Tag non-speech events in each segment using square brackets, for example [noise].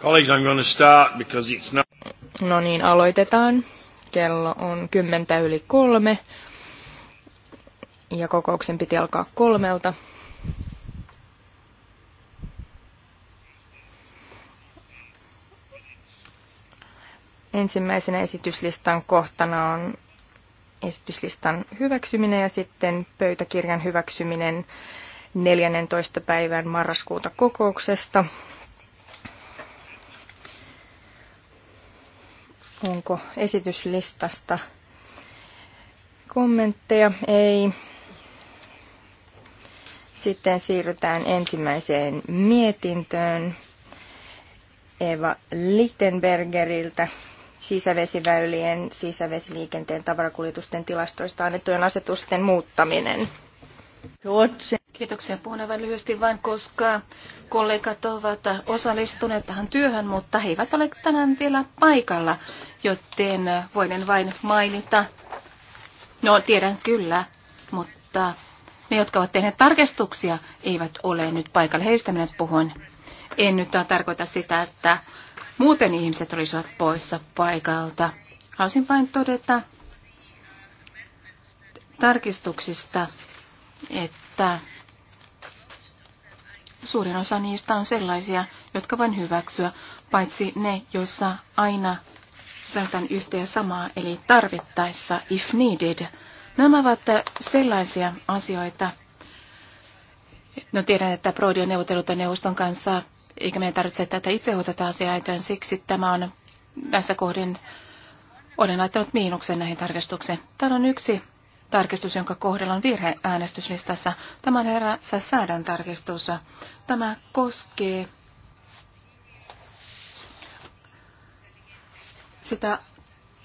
Colleagues, I'm going to start because it's not... No niin, aloitetaan. Kello on kymmentä yli kolme. Ja kokouksen piti alkaa kolmelta. Ensimmäisenä esityslistan kohtana on esityslistan hyväksyminen ja sitten pöytäkirjan hyväksyminen 14. päivän marraskuuta kokouksesta. Onko esityslistasta kommentteja? Ei. Sitten siirrytään ensimmäiseen mietintöön Eva Lichtenbergeriltä sisävesiväylien, sisävesiliikenteen tavarakuljetusten tilastoista annettujen asetusten muuttaminen. Kiitoksia. Puhun aivan lyhyesti vain, koska kollegat ovat osallistuneet tähän työhön, mutta he eivät ole tänään vielä paikalla, joten voin vain mainita. No, tiedän kyllä, mutta ne, jotka ovat tehneet tarkistuksia, eivät ole nyt paikalla. Heistä minä puhun. En nyt tarkoita sitä, että muuten ihmiset olisivat poissa paikalta. Haluaisin vain todeta tarkistuksista, että Suurin osa niistä on sellaisia, jotka voin hyväksyä, paitsi ne, joissa aina saatan yhtä ja samaa, eli tarvittaessa, if needed. Nämä ovat sellaisia asioita, No tiedän, että Brody on neuvotellut neuvoston kanssa, eikä meidän tarvitse tätä itse hoitata asiaa, joten siksi tämä on tässä kohdin, olen laittanut miinuksen näihin tarkastukseen. Täällä on yksi tarkistus, jonka kohdalla on virhe äänestyslistassa. Tämä on herra Säädän tarkistus. Tämä koskee sitä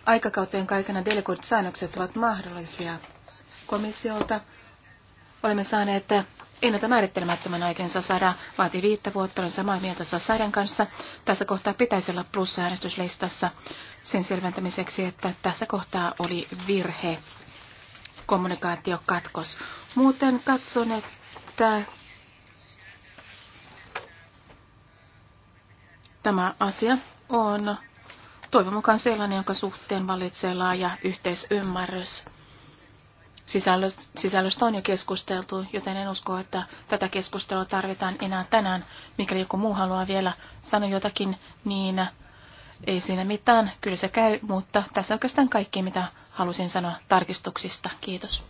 aikakauteen kaikena delegoidut säännökset ovat mahdollisia komissiolta. Olemme saaneet ennalta määrittelemättömän aikansa saada vaati viittä vuotta, olen samaa mieltä Sasaiden kanssa. Tässä kohtaa pitäisi olla plusäänestyslistassa sen selventämiseksi, että tässä kohtaa oli virhe kommunikaatiokatkos. Muuten katson, että tämä asia on toivon mukaan sellainen, jonka suhteen valitsee laaja yhteisymmärrys. Sisällöstä on jo keskusteltu, joten en usko, että tätä keskustelua tarvitaan enää tänään. Mikäli joku muu haluaa vielä sanoa jotakin, niin ei siinä mitään, kyllä se käy, mutta tässä on oikeastaan kaikki, mitä halusin sanoa tarkistuksista. Kiitos.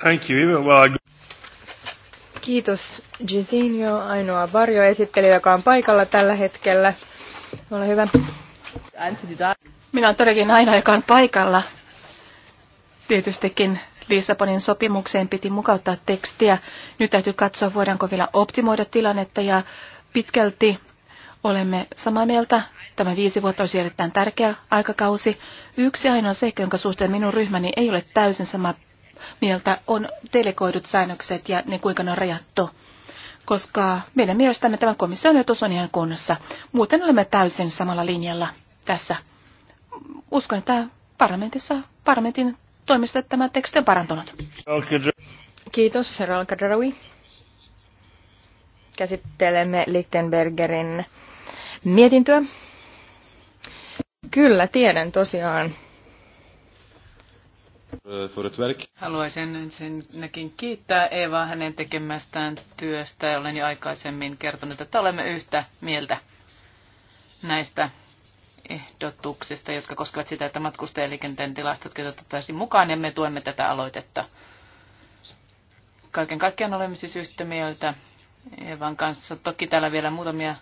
Thank you. Well, Kiitos Gisinio, ainoa varjoesittelijä, joka on paikalla tällä hetkellä. Ole hyvä. Minä olen todellakin aina, joka on paikalla. Tietystikin Lissabonin sopimukseen piti mukauttaa tekstiä. Nyt täytyy katsoa, voidaanko vielä optimoida tilannetta ja pitkälti Olemme samaa mieltä. Tämä viisi vuotta olisi erittäin tärkeä aikakausi. Yksi ainoa seikka, jonka suhteen minun ryhmäni ei ole täysin samaa mieltä, on delegoidut säännökset ja ne kuinka ne on rajattu. Koska meidän mielestämme tämä komission ehdotus on ihan kunnossa. Muuten olemme täysin samalla linjalla tässä. Uskon, että parlamentissa, parlamentin toimista tämä teksti on parantunut. Kiitos, herra Alcadrawi. Käsittelemme Lichtenbergerin mietintöä. Kyllä, tiedän tosiaan. Haluaisin ensinnäkin kiittää Eevaa hänen tekemästään työstä. Olen jo aikaisemmin kertonut, että olemme yhtä mieltä näistä ehdotuksista, jotka koskevat sitä, että matkustajaliikenteen tilastot otettaisiin mukaan, ja me tuemme tätä aloitetta. Kaiken kaikkiaan olemme siis yhtä mieltä Evan kanssa. Toki täällä vielä muutamia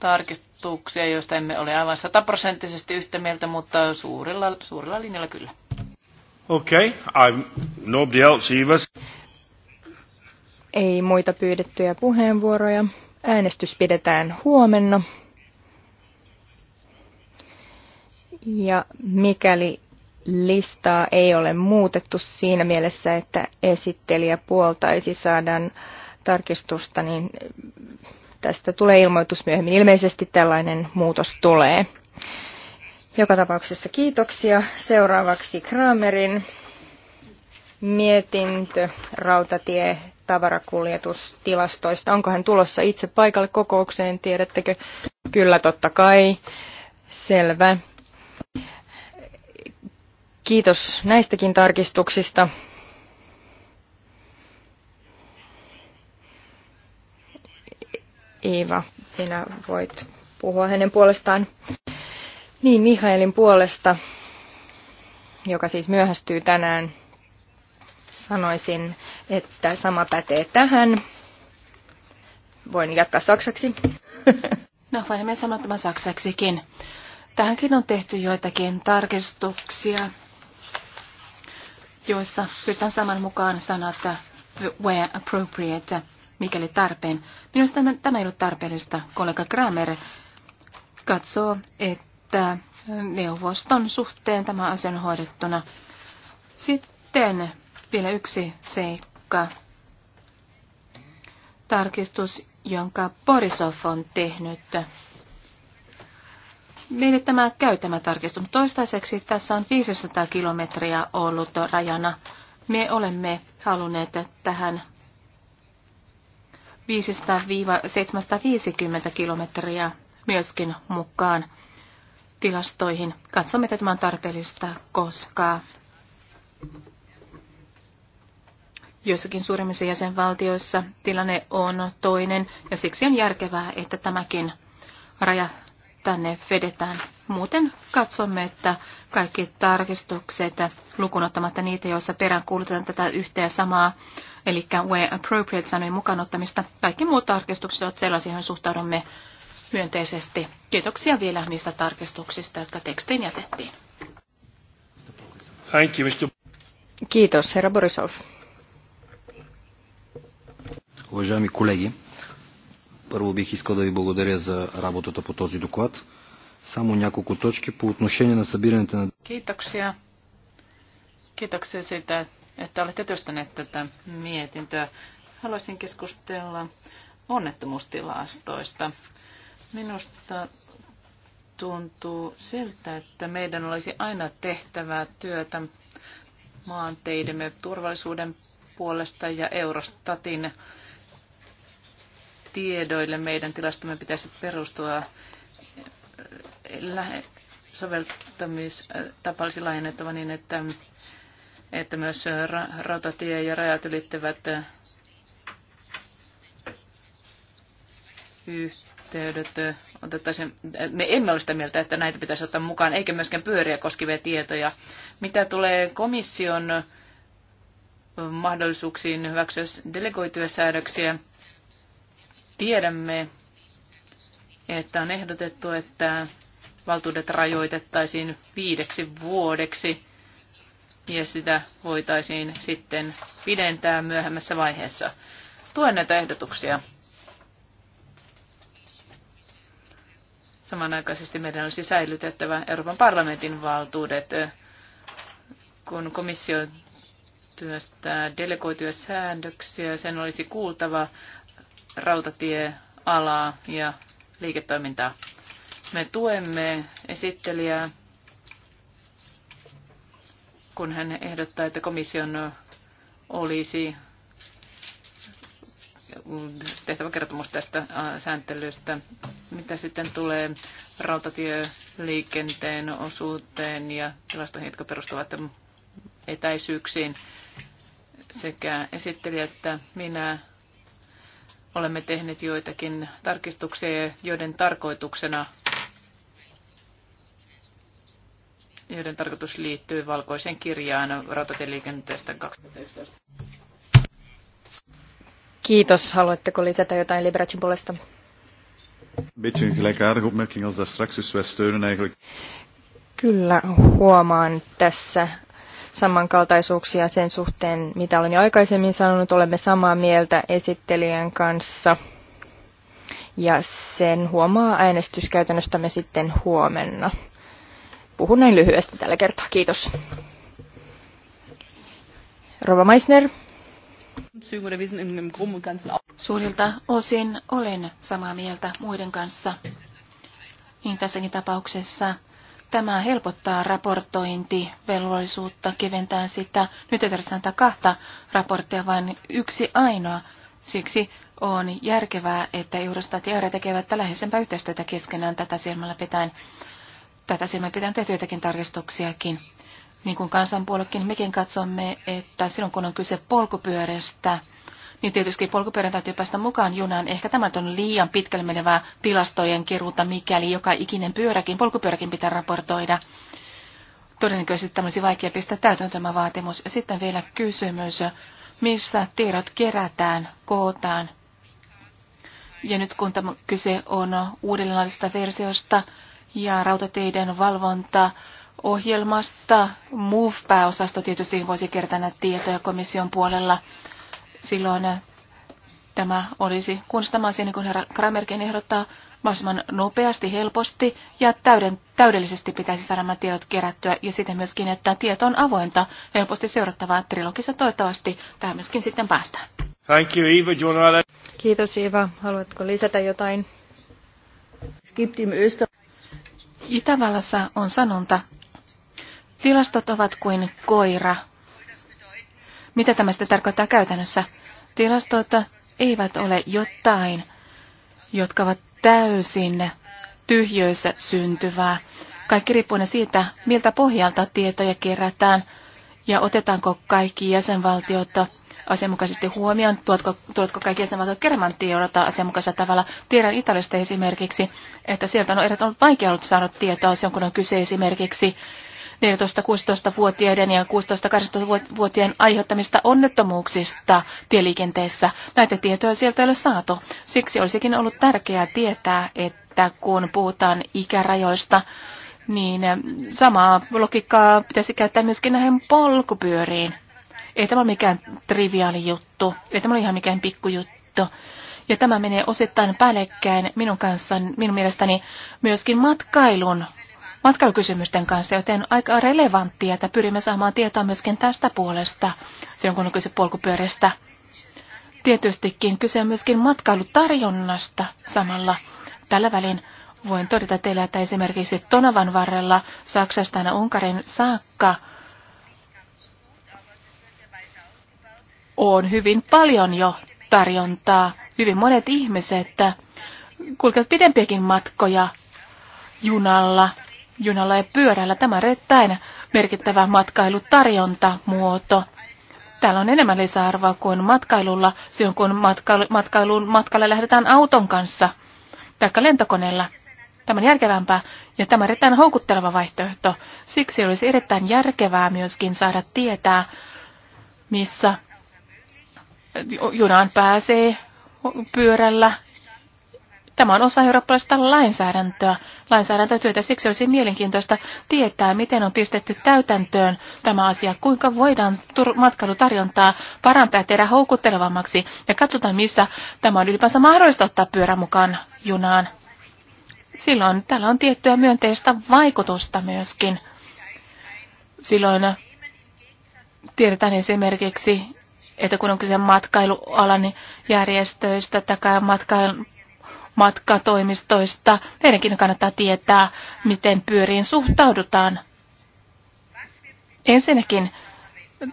tarkistuksia ehdotuksia, joista emme ole aivan sataprosenttisesti yhtä mieltä, mutta suurella suurella linjalla kyllä. Okei, okay. I'm nobody else either. Ei muita pyydettyjä puheenvuoroja. Äänestys pidetään huomenna. Ja mikäli listaa ei ole muutettu siinä mielessä, että esittelijä puoltaisi saadaan tarkistusta, niin Tästä tulee ilmoitus myöhemmin. Ilmeisesti tällainen muutos tulee. Joka tapauksessa kiitoksia. Seuraavaksi Kramerin mietintö rautatie tavarakuljetustilastoista. Onko hän tulossa itse paikalle kokoukseen, tiedättekö? Kyllä, totta kai. Selvä. Kiitos näistäkin tarkistuksista. Iiva, sinä voit puhua hänen puolestaan. Niin, Mihailin puolesta, joka siis myöhästyy tänään, sanoisin, että sama pätee tähän. Voin jatkaa saksaksi. [laughs] No, voimme sanoa tämän saksaksikin. Tähänkin on tehty joitakin tarkistuksia, joissa pyytän saman mukaan sanat uh, where appropriate – mikäli tarpeen. Minusta tämä, tämä ei ollut tarpeellista. Kollega Kramer katsoo, että neuvoston suhteen tämä asia on hoidettuna. Sitten vielä yksi seikka. Tarkistus, jonka Borisov on tehnyt. Meille tämä käy tämä tarkistus. Toistaiseksi tässä on 500 kilometriä ollut rajana. Me olemme halunneet tähän 500-750 kilometriä myöskin mukaan tilastoihin. Katsomme, että tämä on tarpeellista, koska joissakin suurimmissa jäsenvaltioissa tilanne on toinen ja siksi on järkevää, että tämäkin raja tänne vedetään. Muuten katsomme, että kaikki tarkistukset, lukunottamatta niitä, joissa peräänkuulutetaan tätä yhtä ja samaa eli where appropriate sanojen mukaan ottamista. Kaikki muut tarkistukset ovat sellaisia, joihin suhtaudumme myönteisesti. Kiitoksia vielä niistä tarkistuksista, jotka tekstiin jätettiin. Thank you, Mr. Kiitos, herra Borisov. Уважаеми колеги, първо бих искал да ви благодаря за работата по този доклад. Само няколко точки по отношение на събирането на... Kiitoksia. Kiitoksia siitä, että olette työstäneet tätä mietintöä. Haluaisin keskustella onnettomuustilastoista. Minusta tuntuu siltä, että meidän olisi aina tehtävää työtä maanteidemme turvallisuuden puolesta ja Eurostatin tiedoille meidän tilastomme pitäisi perustua eh, soveltamistapa äh, olisi laajennettava niin, että että myös rautatie ja rajat ylittävät yhteydet otettaisiin. Me emme ole sitä mieltä, että näitä pitäisi ottaa mukaan, eikä myöskään pyöriä koskevia tietoja. Mitä tulee komission mahdollisuuksiin hyväksyä delegoituja säädöksiä, tiedämme, että on ehdotettu, että valtuudet rajoitettaisiin viideksi vuodeksi ja sitä voitaisiin sitten pidentää myöhemmässä vaiheessa. Tuen näitä ehdotuksia. Samanaikaisesti meidän olisi säilytettävä Euroopan parlamentin valtuudet, kun komissio työstää delegoituja säännöksiä. Sen olisi kuultava rautatiealaa ja liiketoimintaa. Me tuemme esittelijää kun hän ehdottaa, että komission olisi tehtävä kertomus tästä sääntelystä. Mitä sitten tulee rautatieliikenteen osuuteen ja tilastoihin, jotka perustuvat etäisyyksiin, sekä esittelijä että minä olemme tehneet joitakin tarkistuksia, joiden tarkoituksena joiden tarkoitus liittyy valkoiseen kirjaan rautatieliikenteestä 2011. Kiitos. Haluatteko lisätä jotain Liberacin puolesta? Kyllä, huomaan tässä samankaltaisuuksia sen suhteen, mitä olen jo aikaisemmin sanonut. Olemme samaa mieltä esittelijän kanssa. Ja sen huomaa äänestyskäytännöstämme sitten huomenna. Puhun näin lyhyesti tällä kertaa. Kiitos. Rova Meissner. Suurilta osin olen samaa mieltä muiden kanssa. Niin tässäkin tapauksessa tämä helpottaa raportointivelvollisuutta, keventää sitä. Nyt ei tarvitse antaa kahta raporttia, vaan yksi ainoa. Siksi on järkevää, että Eurostat ja ERA tekevät läheisempää yhteistyötä keskenään tätä silmällä pitäen tätä silmä pitää tehdä joitakin tarkistuksiakin. Niin kuin kansanpuolekin, mekin katsomme, että silloin kun on kyse polkupyörästä, niin tietysti polkupyörän täytyy päästä mukaan junaan. Ehkä tämä on liian pitkälle menevää tilastojen keruuta, mikäli joka ikinen pyöräkin, polkupyöräkin pitää raportoida. Todennäköisesti tämä olisi vaikea pistää täytön tämä vaatimus. Ja sitten vielä kysymys, missä tiedot kerätään, kootaan. Ja nyt kun tämä kyse on uudelleenlaisesta versiosta, ja rautateiden valvonta ohjelmasta. MOVE-pääosasto tietysti voisi kertää tietoja komission puolella. Silloin eh, tämä olisi, kun tämä asia, niin kuin herra Kramerkin ehdottaa, mahdollisimman nopeasti, helposti ja täyden, täydellisesti pitäisi saada nämä tiedot kerättyä ja sitten myöskin, että tieto on avointa, helposti seurattavaa trilogissa toivottavasti. Tähän myöskin sitten päästään. Thank you, Eva. Kiitos Iva. Haluatko lisätä jotain? Itävallassa on sanonta, tilastot ovat kuin koira. Mitä tämä sitten tarkoittaa käytännössä? Tilastot eivät ole jotain, jotka ovat täysin tyhjöissä syntyvää. Kaikki riippuen siitä, miltä pohjalta tietoja kerätään ja otetaanko kaikki jäsenvaltiot asianmukaisesti huomioon, tuotko, tuotko kaikki jäsenvaltiot kerran tiedota asianmukaisella tavalla. Tiedän Italiasta esimerkiksi, että sieltä on erittäin vaikea ollut saada tietoa asian, kun on kyse esimerkiksi 14-16-vuotiaiden ja 16-18-vuotiaiden aiheuttamista onnettomuuksista tieliikenteessä. Näitä tietoja sieltä ei ole saatu. Siksi olisikin ollut tärkeää tietää, että kun puhutaan ikärajoista, niin samaa logiikkaa pitäisi käyttää myöskin näihin polkupyöriin. Ei tämä ole mikään triviaali juttu, ei tämä ole ihan mikään pikkujuttu. Ja tämä menee osittain päällekkäin minun kanssa, minun mielestäni myöskin matkailun, matkailukysymysten kanssa, joten aika relevanttia, että pyrimme saamaan tietoa myöskin tästä puolesta, silloin kun on kyse polkupyörästä. Tietystikin kyse on myöskin matkailutarjonnasta samalla. Tällä välin voin todeta teille, että esimerkiksi Tonavan varrella Saksasta aina Unkarin saakka – on hyvin paljon jo tarjontaa. Hyvin monet ihmiset kulkevat pidempiäkin matkoja junalla, junalla ja pyörällä. Tämä on erittäin merkittävä matkailutarjontamuoto. Täällä on enemmän lisäarvoa kuin matkailulla silloin, kun matkailu, matkailuun matkalle lähdetään auton kanssa tai lentokoneella. Tämä on järkevämpää ja tämä on erittäin houkutteleva vaihtoehto. Siksi olisi erittäin järkevää myöskin saada tietää, missä junaan pääsee pyörällä. Tämä on osa eurooppalaista lainsäädäntöä, lainsäädäntötyötä. Siksi olisi mielenkiintoista tietää, miten on pistetty täytäntöön tämä asia, kuinka voidaan matkailutarjontaa parantaa ja tehdä houkuttelevammaksi. Ja katsotaan, missä tämä on ylipäänsä mahdollista ottaa pyörä mukaan junaan. Silloin tällä on tiettyä myönteistä vaikutusta myöskin. Silloin tiedetään esimerkiksi, että kun on kyse matkailualan järjestöistä tai matkailun matkatoimistoista. Meidänkin kannattaa tietää, miten pyöriin suhtaudutaan. Ensinnäkin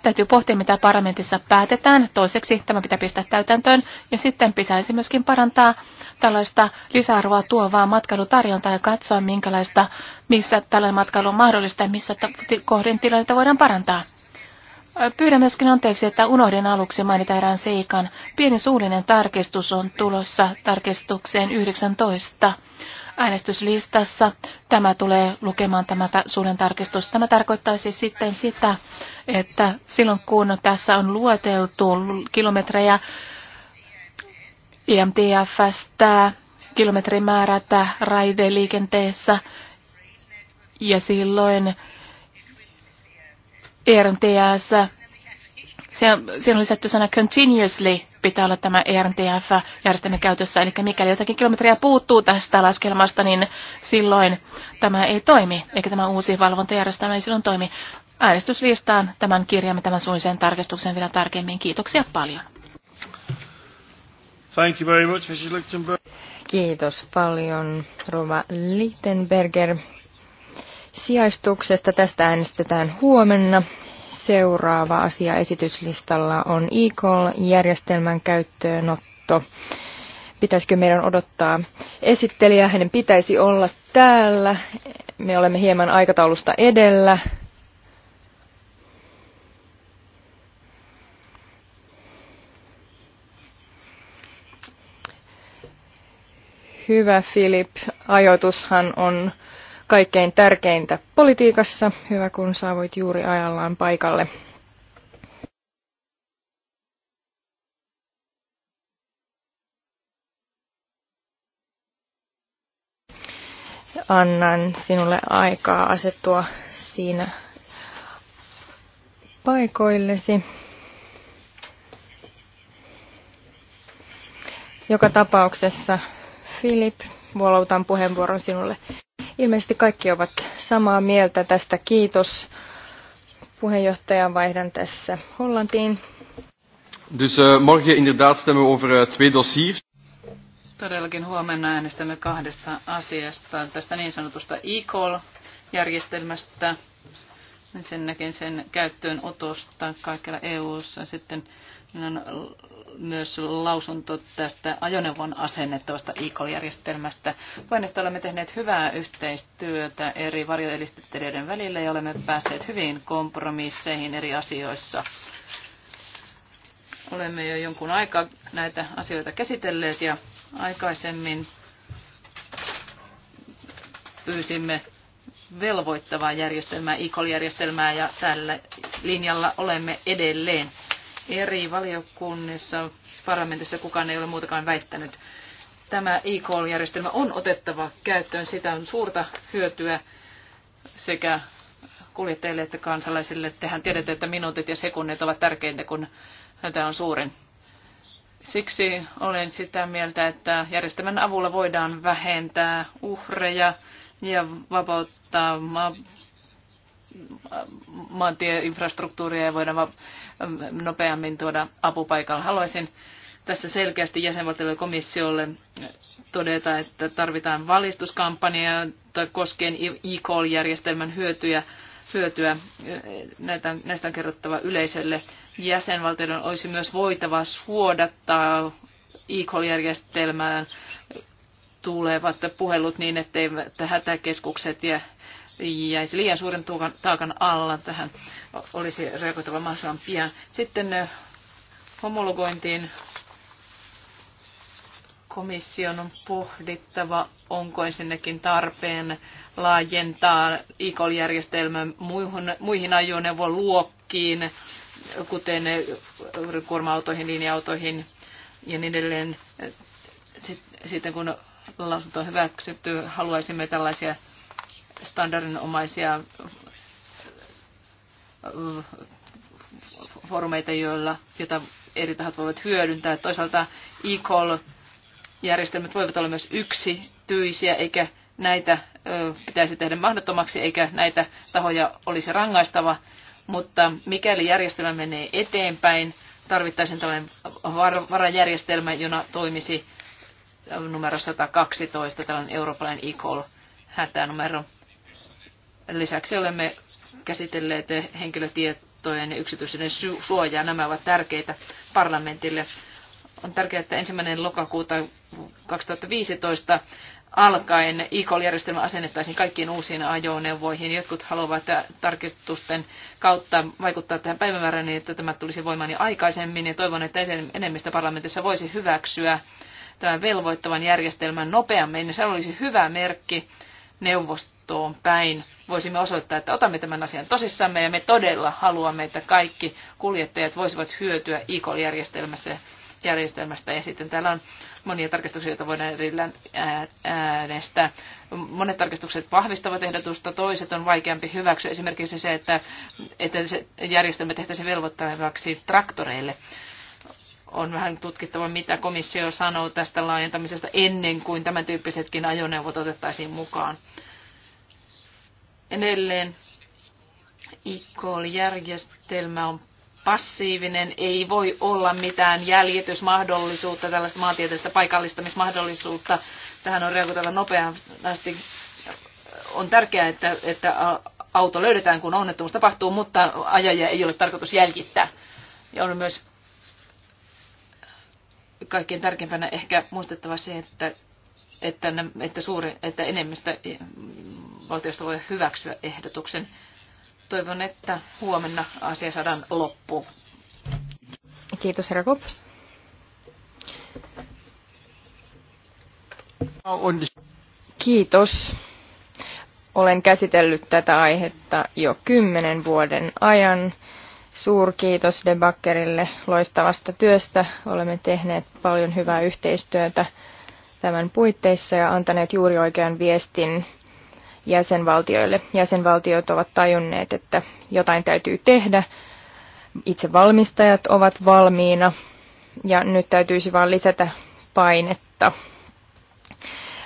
täytyy pohtia, mitä parlamentissa päätetään. Toiseksi tämä pitää pistää täytäntöön. Ja sitten pitäisi myöskin parantaa tällaista lisäarvoa tuovaa matkailutarjontaa ja katsoa, minkälaista, missä tällainen matkailu on mahdollista ja missä kohdin tilannetta voidaan parantaa. Pyydän myöskin anteeksi, että unohdin aluksi mainita erään seikan. Pieni suullinen tarkistus on tulossa tarkistukseen 19 äänestyslistassa. Tämä tulee lukemaan tämä suuren tarkistus. Tämä tarkoittaisi siis sitten sitä, että silloin kun tässä on lueteltu kilometrejä IMTFstä, kilometrimäärätä raideliikenteessä ja silloin ERTS. Siinä on lisätty sana continuously, pitää olla tämä erntf järjestelmä käytössä. Eli mikäli jotakin kilometriä puuttuu tästä laskelmasta, niin silloin tämä ei toimi, eikä tämä uusi valvontajärjestelmä ei silloin toimi. Äänestyslistaan tämän kirjaamme tämän suunnisen tarkistuksen vielä tarkemmin. Kiitoksia paljon. Thank you very much, Mrs. Kiitos paljon, Rova Lichtenberger sijaistuksesta. Tästä äänestetään huomenna. Seuraava asia esityslistalla on e-call-järjestelmän käyttöönotto. Pitäisikö meidän odottaa esittelijää? Hänen pitäisi olla täällä. Me olemme hieman aikataulusta edellä. Hyvä Filip, ajoitushan on kaikkein tärkeintä politiikassa. Hyvä, kun saavuit juuri ajallaan paikalle. Annan sinulle aikaa asettua siinä paikoillesi. Joka tapauksessa, Filip, vuoloutan puheenvuoron sinulle. Ilmeisesti kaikki ovat samaa mieltä tästä. Kiitos. Puheenjohtajan vaihdan tässä Hollantiin. Dus uh, morgen inderdaad stemmen over uh, twee dossiers. Todellakin huomenna äänestämme kahdesta asiasta, tästä niin sanotusta e-call-järjestelmästä, ensinnäkin sen käyttöönotosta kaikilla EU-ssa, sitten on myös lausunto tästä ajoneuvon asennettavasta IK-järjestelmästä. että olemme tehneet hyvää yhteistyötä eri varjoelistettelijöiden välillä ja olemme päässeet hyvin kompromisseihin eri asioissa. Olemme jo jonkun aikaa näitä asioita käsitelleet ja aikaisemmin pyysimme velvoittavaa järjestelmää, IKOL-järjestelmää ja tällä linjalla olemme edelleen eri valiokunnissa parlamentissa kukaan ei ole muutakaan väittänyt. Tämä e-call-järjestelmä on otettava käyttöön. Sitä on suurta hyötyä sekä kuljettajille että kansalaisille. Tehän tiedätte, että minuutit ja sekunnit ovat tärkeintä, kun tämä on suurin. Siksi olen sitä mieltä, että järjestelmän avulla voidaan vähentää uhreja ja vapauttaa maantieinfrastruktuuria ja voidaan nopeammin tuoda apupaikalla. Haluaisin tässä selkeästi jäsenvaltioille komissiolle todeta, että tarvitaan valistuskampanjaa koskien e-call-järjestelmän hyötyjä, hyötyä. Näitä, näistä on kerrottava yleisölle. Jäsenvaltioiden olisi myös voitava suodattaa e-call-järjestelmään tulevat puhelut niin, että hätäkeskukset ja jäisi liian suuren taakan alla. Tähän olisi reagoitava mahdollisimman pian. Sitten homologointiin komission on pohdittava, onko ensinnäkin tarpeen laajentaa ICOL-järjestelmän muihin, muihin ajoneuvon luokkiin, kuten kuorma-autoihin, linja-autoihin ja niin edelleen. Sitten kun lausunto on hyväksytty, haluaisimme tällaisia standardinomaisia foorumeita, joilla, joita eri tahot voivat hyödyntää. Toisaalta e-call-järjestelmät voivat olla myös yksityisiä, eikä näitä pitäisi tehdä mahdottomaksi, eikä näitä tahoja olisi rangaistava. Mutta mikäli järjestelmä menee eteenpäin, tarvittaisiin tällainen varajärjestelmä, jona toimisi numero 112, tällainen eurooppalainen e-call hätänumero. Lisäksi olemme käsitelleet henkilötietojen ja yksityisyyden suojaa. Nämä ovat tärkeitä parlamentille. On tärkeää, että ensimmäinen lokakuuta 2015 alkaen e-call-järjestelmä asennettaisiin kaikkiin uusiin ajoneuvoihin. Jotkut haluavat tarkistusten kautta vaikuttaa tähän päivämäärään niin, että tämä tulisi voimaan jo aikaisemmin. Ja toivon, että enemmistö parlamentissa voisi hyväksyä tämän velvoittavan järjestelmän nopeammin. Se olisi hyvä merkki neuvostolle johtoon päin voisimme osoittaa, että otamme tämän asian tosissamme ja me todella haluamme, että kaikki kuljettajat voisivat hyötyä e-call-järjestelmästä järjestelmästä. Ja sitten täällä on monia tarkistuksia, joita voidaan erillään äänestää. Monet tarkistukset vahvistavat ehdotusta, toiset on vaikeampi hyväksyä. Esimerkiksi se, että, että se järjestelmä tehtäisiin velvoittavaksi traktoreille. On vähän tutkittava, mitä komissio sanoo tästä laajentamisesta ennen kuin tämän tyyppisetkin ajoneuvot otettaisiin mukaan. Edelleen ICOL-järjestelmä on passiivinen, ei voi olla mitään jäljitysmahdollisuutta, tällaista maantieteellistä paikallistamismahdollisuutta. Tähän on reagoitava nopeasti. On tärkeää, että, että auto löydetään, kun onnettomuus tapahtuu, mutta ajaja ei ole tarkoitus jäljittää. Ja on myös kaikkein tärkeimpänä ehkä muistettava se, että, että, että, suuri, että enemmistö valtiosta voi hyväksyä ehdotuksen. Toivon, että huomenna asia saadaan loppuun. Kiitos, herra Kopp. Kiitos. Olen käsitellyt tätä aihetta jo kymmenen vuoden ajan. Suurkiitos Debakkerille loistavasta työstä. Olemme tehneet paljon hyvää yhteistyötä tämän puitteissa ja antaneet juuri oikean viestin jäsenvaltioille. Jäsenvaltiot ovat tajunneet, että jotain täytyy tehdä. Itse valmistajat ovat valmiina ja nyt täytyisi vain lisätä painetta.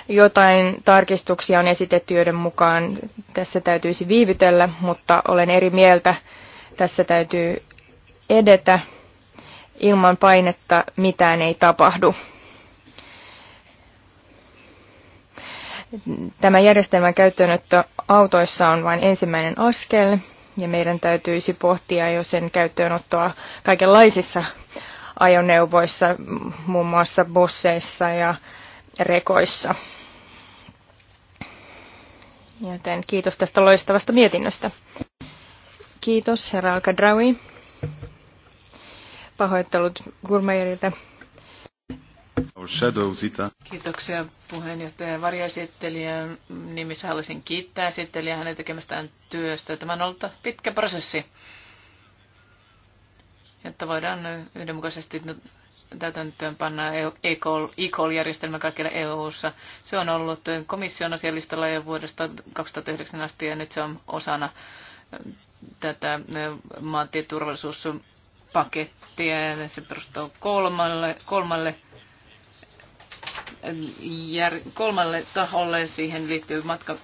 Jotain tarkistuksia on esitetty, joiden mukaan tässä täytyisi viivytellä, mutta olen eri mieltä. Tässä täytyy edetä. Ilman painetta mitään ei tapahdu. Tämä järjestelmän käyttöönotto autoissa on vain ensimmäinen askel, ja meidän täytyisi pohtia jo sen käyttöönottoa kaikenlaisissa ajoneuvoissa, muun muassa busseissa ja rekoissa. Joten kiitos tästä loistavasta mietinnöstä. Kiitos, herra Alkadraui. Pahoittelut Gurmeijeriltä. Kiitoksia Varja varjaesittelijän nimissä haluaisin kiittää esittelijää hänen tekemästään työstä. Tämä on ollut pitkä prosessi, jotta voidaan yhdenmukaisesti täytäntöön panna e- e-call-järjestelmä kaikille EU-ssa. Se on ollut komission asialistalla jo vuodesta 2009 asti ja nyt se on osana tätä maantieturvallisuuspakettia ja se perustuu kolmalle, kolmalle kolmalle taholle. Siihen liittyy matka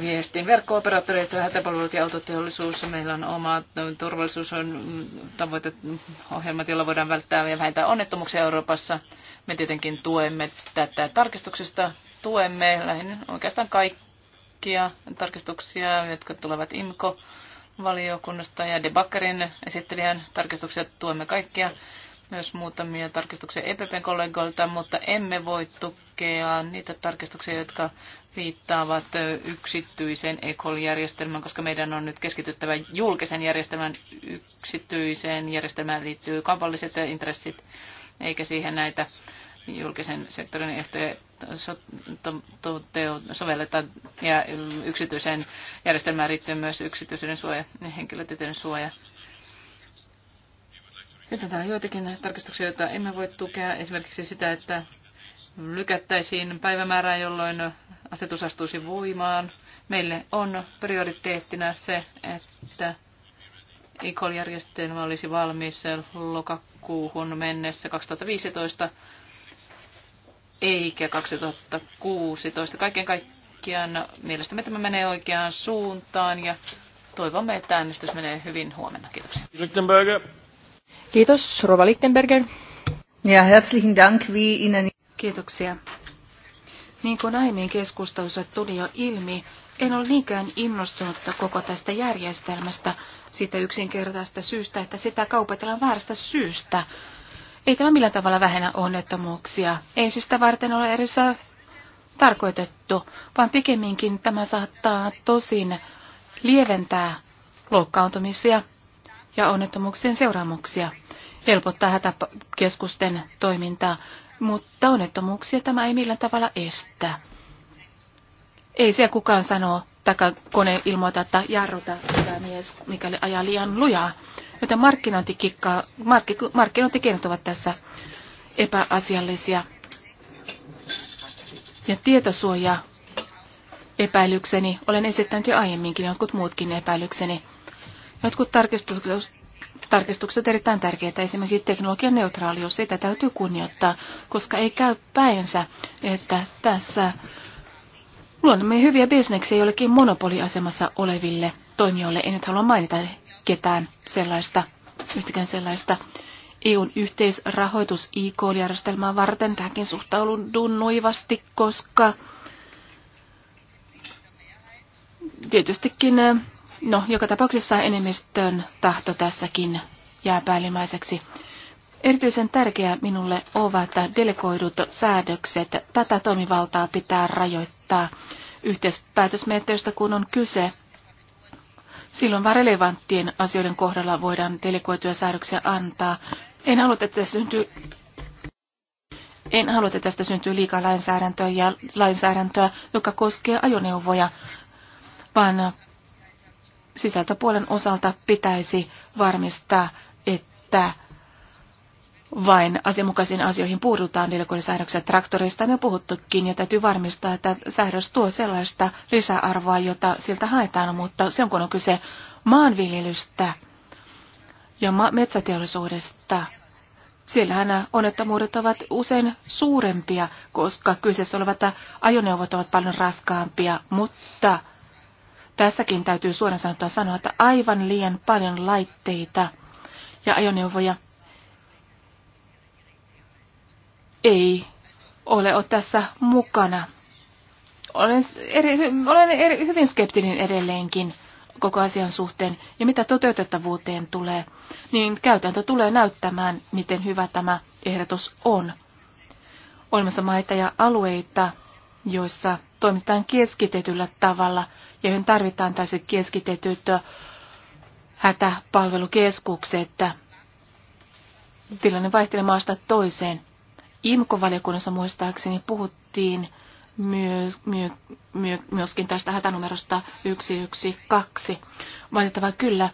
viestin verkko-operaattorit, hätäpalvelut ja autoteollisuus. Meillä on oma no, turvallisuus on mm, tavoiteohjelmat, mm, joilla voidaan välttää ja vähentää onnettomuuksia Euroopassa. Me tietenkin tuemme tätä tarkistuksesta. Tuemme lähinnä oikeastaan kaikkia tarkistuksia, jotka tulevat IMKO valiokunnasta ja Debakkerin esittelijän tarkistuksia tuemme kaikkia myös muutamia tarkistuksia EPPn kollegoilta, mutta emme voi tukea niitä tarkistuksia, jotka viittaavat yksityiseen ECOL-järjestelmään, koska meidän on nyt keskityttävä julkisen järjestelmän yksityiseen järjestelmään liittyy kaupalliset intressit, eikä siihen näitä julkisen sektorin ehtoja sovelletaan ja yksityiseen järjestelmään liittyy myös yksityisyyden suoja ja henkilötietojen suoja nyt on joitakin tarkistuksia, joita emme voi tukea. Esimerkiksi sitä, että lykättäisiin päivämäärää, jolloin asetus astuisi voimaan. Meille on prioriteettina se, että ICOL-järjestelmä olisi valmis lokakuuhun mennessä 2015 eikä 2016. Kaiken kaikkiaan mielestämme tämä menee oikeaan suuntaan ja toivomme, että äänestys menee hyvin huomenna. Kiitoksia. Kiitos, Rova Lichtenberger. Ja herzlichen Dank, wie Ihnen... Kiitoksia. Niin kuin aiemmin keskustelussa tuli jo ilmi, en ole niinkään innostunut koko tästä järjestelmästä siitä yksinkertaista syystä, että sitä kaupatellaan väärästä syystä. Ei tämä millään tavalla vähennä onnettomuuksia. Ei siis sitä varten ole edes tarkoitettu, vaan pikemminkin tämä saattaa tosin lieventää loukkaantumisia ja onnettomuuksien seuraamuksia, helpottaa hätäkeskusten toimintaa, mutta onnettomuuksia tämä ei millään tavalla estä. Ei siellä kukaan sanoo, taka kone ilmoita, että jarruta hyvä mies, mikäli ajaa liian lujaa. Joten markkinointikikka, markkinointikeinot ovat tässä epäasiallisia. Ja tietosuoja epäilykseni, olen esittänyt jo aiemminkin jotkut muutkin epäilykseni, Jotkut tarkistukset, tarkistukset erittäin tärkeitä, esimerkiksi teknologian neutraalius, sitä täytyy kunnioittaa, koska ei käy päinsä, että tässä luonnemme hyviä bisneksiä jollekin monopoliasemassa oleville toimijoille. En nyt halua mainita ketään sellaista, yhtäkään sellaista. EUn yhteisrahoitus IK-järjestelmää varten tähänkin suhtaudun dunnuivasti, koska tietystikin eh, No, joka tapauksessa enemmistön tahto tässäkin jää päällimmäiseksi. Erityisen tärkeää minulle ovat delegoidut säädökset. Tätä toimivaltaa pitää rajoittaa yhteispäätösmenettelystä, kun on kyse. Silloin vain relevanttien asioiden kohdalla voidaan delegoituja säädöksiä antaa. En halua, että tästä syntyy, en halua, että tästä syntyy liikaa lainsäädäntöä, ja lainsäädäntöä, joka koskee ajoneuvoja, vaan sisältöpuolen osalta pitäisi varmistaa, että vain asianmukaisiin asioihin puudutaan delegoidisäädöksiä traktoreista. On puhuttukin ja täytyy varmistaa, että säädös tuo sellaista lisäarvoa, jota siltä haetaan, mutta se on kun on kyse maanviljelystä ja ma- metsäteollisuudesta. Siellähän onnettomuudet ovat usein suurempia, koska kyseessä olevat ajoneuvot ovat paljon raskaampia, mutta Tässäkin täytyy suoraan sanottua sanoa, että aivan liian paljon laitteita ja ajoneuvoja ei ole ole tässä mukana. Olen, eri, olen eri, hyvin skeptinen edelleenkin koko asian suhteen. Ja mitä toteutettavuuteen tulee, niin käytäntö tulee näyttämään, miten hyvä tämä ehdotus on. Olemassa maita ja alueita, joissa toimitaan keskitetyllä tavalla ja joihin tarvitaan tässä keskitetyt hätäpalvelukeskukset. Tilanne vaihtelee maasta toiseen. IMKO-valiokunnassa muistaakseni puhuttiin myös, myö, myö, myöskin tästä hätänumerosta 112. Valitettavaa kyllä,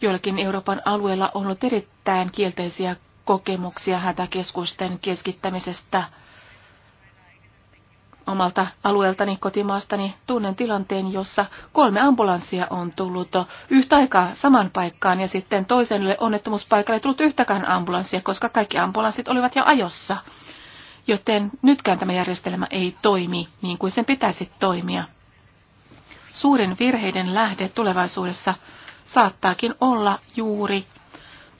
joillakin Euroopan alueella on ollut erittäin kielteisiä kokemuksia hätäkeskusten keskittämisestä omalta alueeltani, kotimaastani, tunnen tilanteen, jossa kolme ambulanssia on tullut yhtä aikaa saman paikkaan ja sitten toiselle onnettomuuspaikalle ei tullut yhtäkään ambulanssia, koska kaikki ambulanssit olivat jo ajossa. Joten nytkään tämä järjestelmä ei toimi niin kuin sen pitäisi toimia. Suurin virheiden lähde tulevaisuudessa saattaakin olla juuri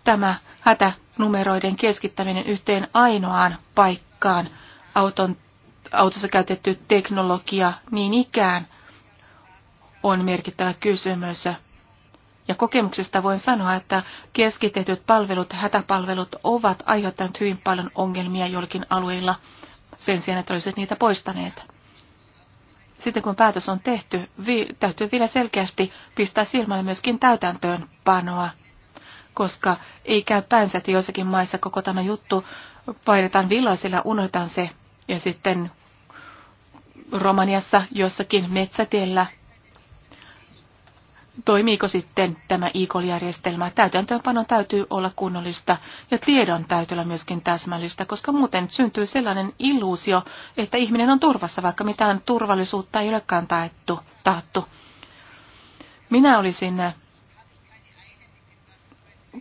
tämä hätänumeroiden keskittäminen yhteen ainoaan paikkaan auton autossa käytetty teknologia niin ikään on merkittävä kysymys. Ja kokemuksesta voin sanoa, että keskitetyt palvelut, hätäpalvelut ovat aiheuttaneet hyvin paljon ongelmia jollakin alueilla sen sijaan, että olisit niitä poistaneet. Sitten kun päätös on tehty, vi- täytyy vielä selkeästi pistää silmälle myöskin täytäntöön panoa, koska ei käy päänsä, että joissakin maissa koko tämä juttu painetaan villaisilla, unohdetaan se ja sitten Romaniassa jossakin metsätiellä. Toimiiko sitten tämä IKOL-järjestelmä? Täytäntöönpanon täytyy olla kunnollista ja tiedon täytyy olla myöskin täsmällistä, koska muuten syntyy sellainen illuusio, että ihminen on turvassa, vaikka mitään turvallisuutta ei olekaan taettu, taattu. Minä olisin äh,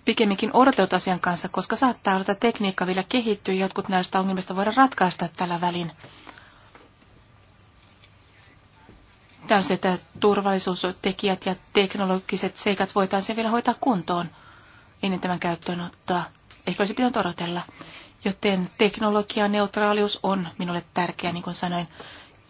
pikemminkin odotellut asian kanssa, koska saattaa olla, että tekniikka vielä kehittyy. Jotkut näistä ongelmista voidaan ratkaista tällä välin. tällaiset turvallisuustekijät ja teknologiset seikat voitaisiin vielä hoitaa kuntoon ennen tämän käyttöönottoa. Ehkä olisi pitänyt odotella. Joten teknologianeutraalius on minulle tärkeä, niin kuin sanoin,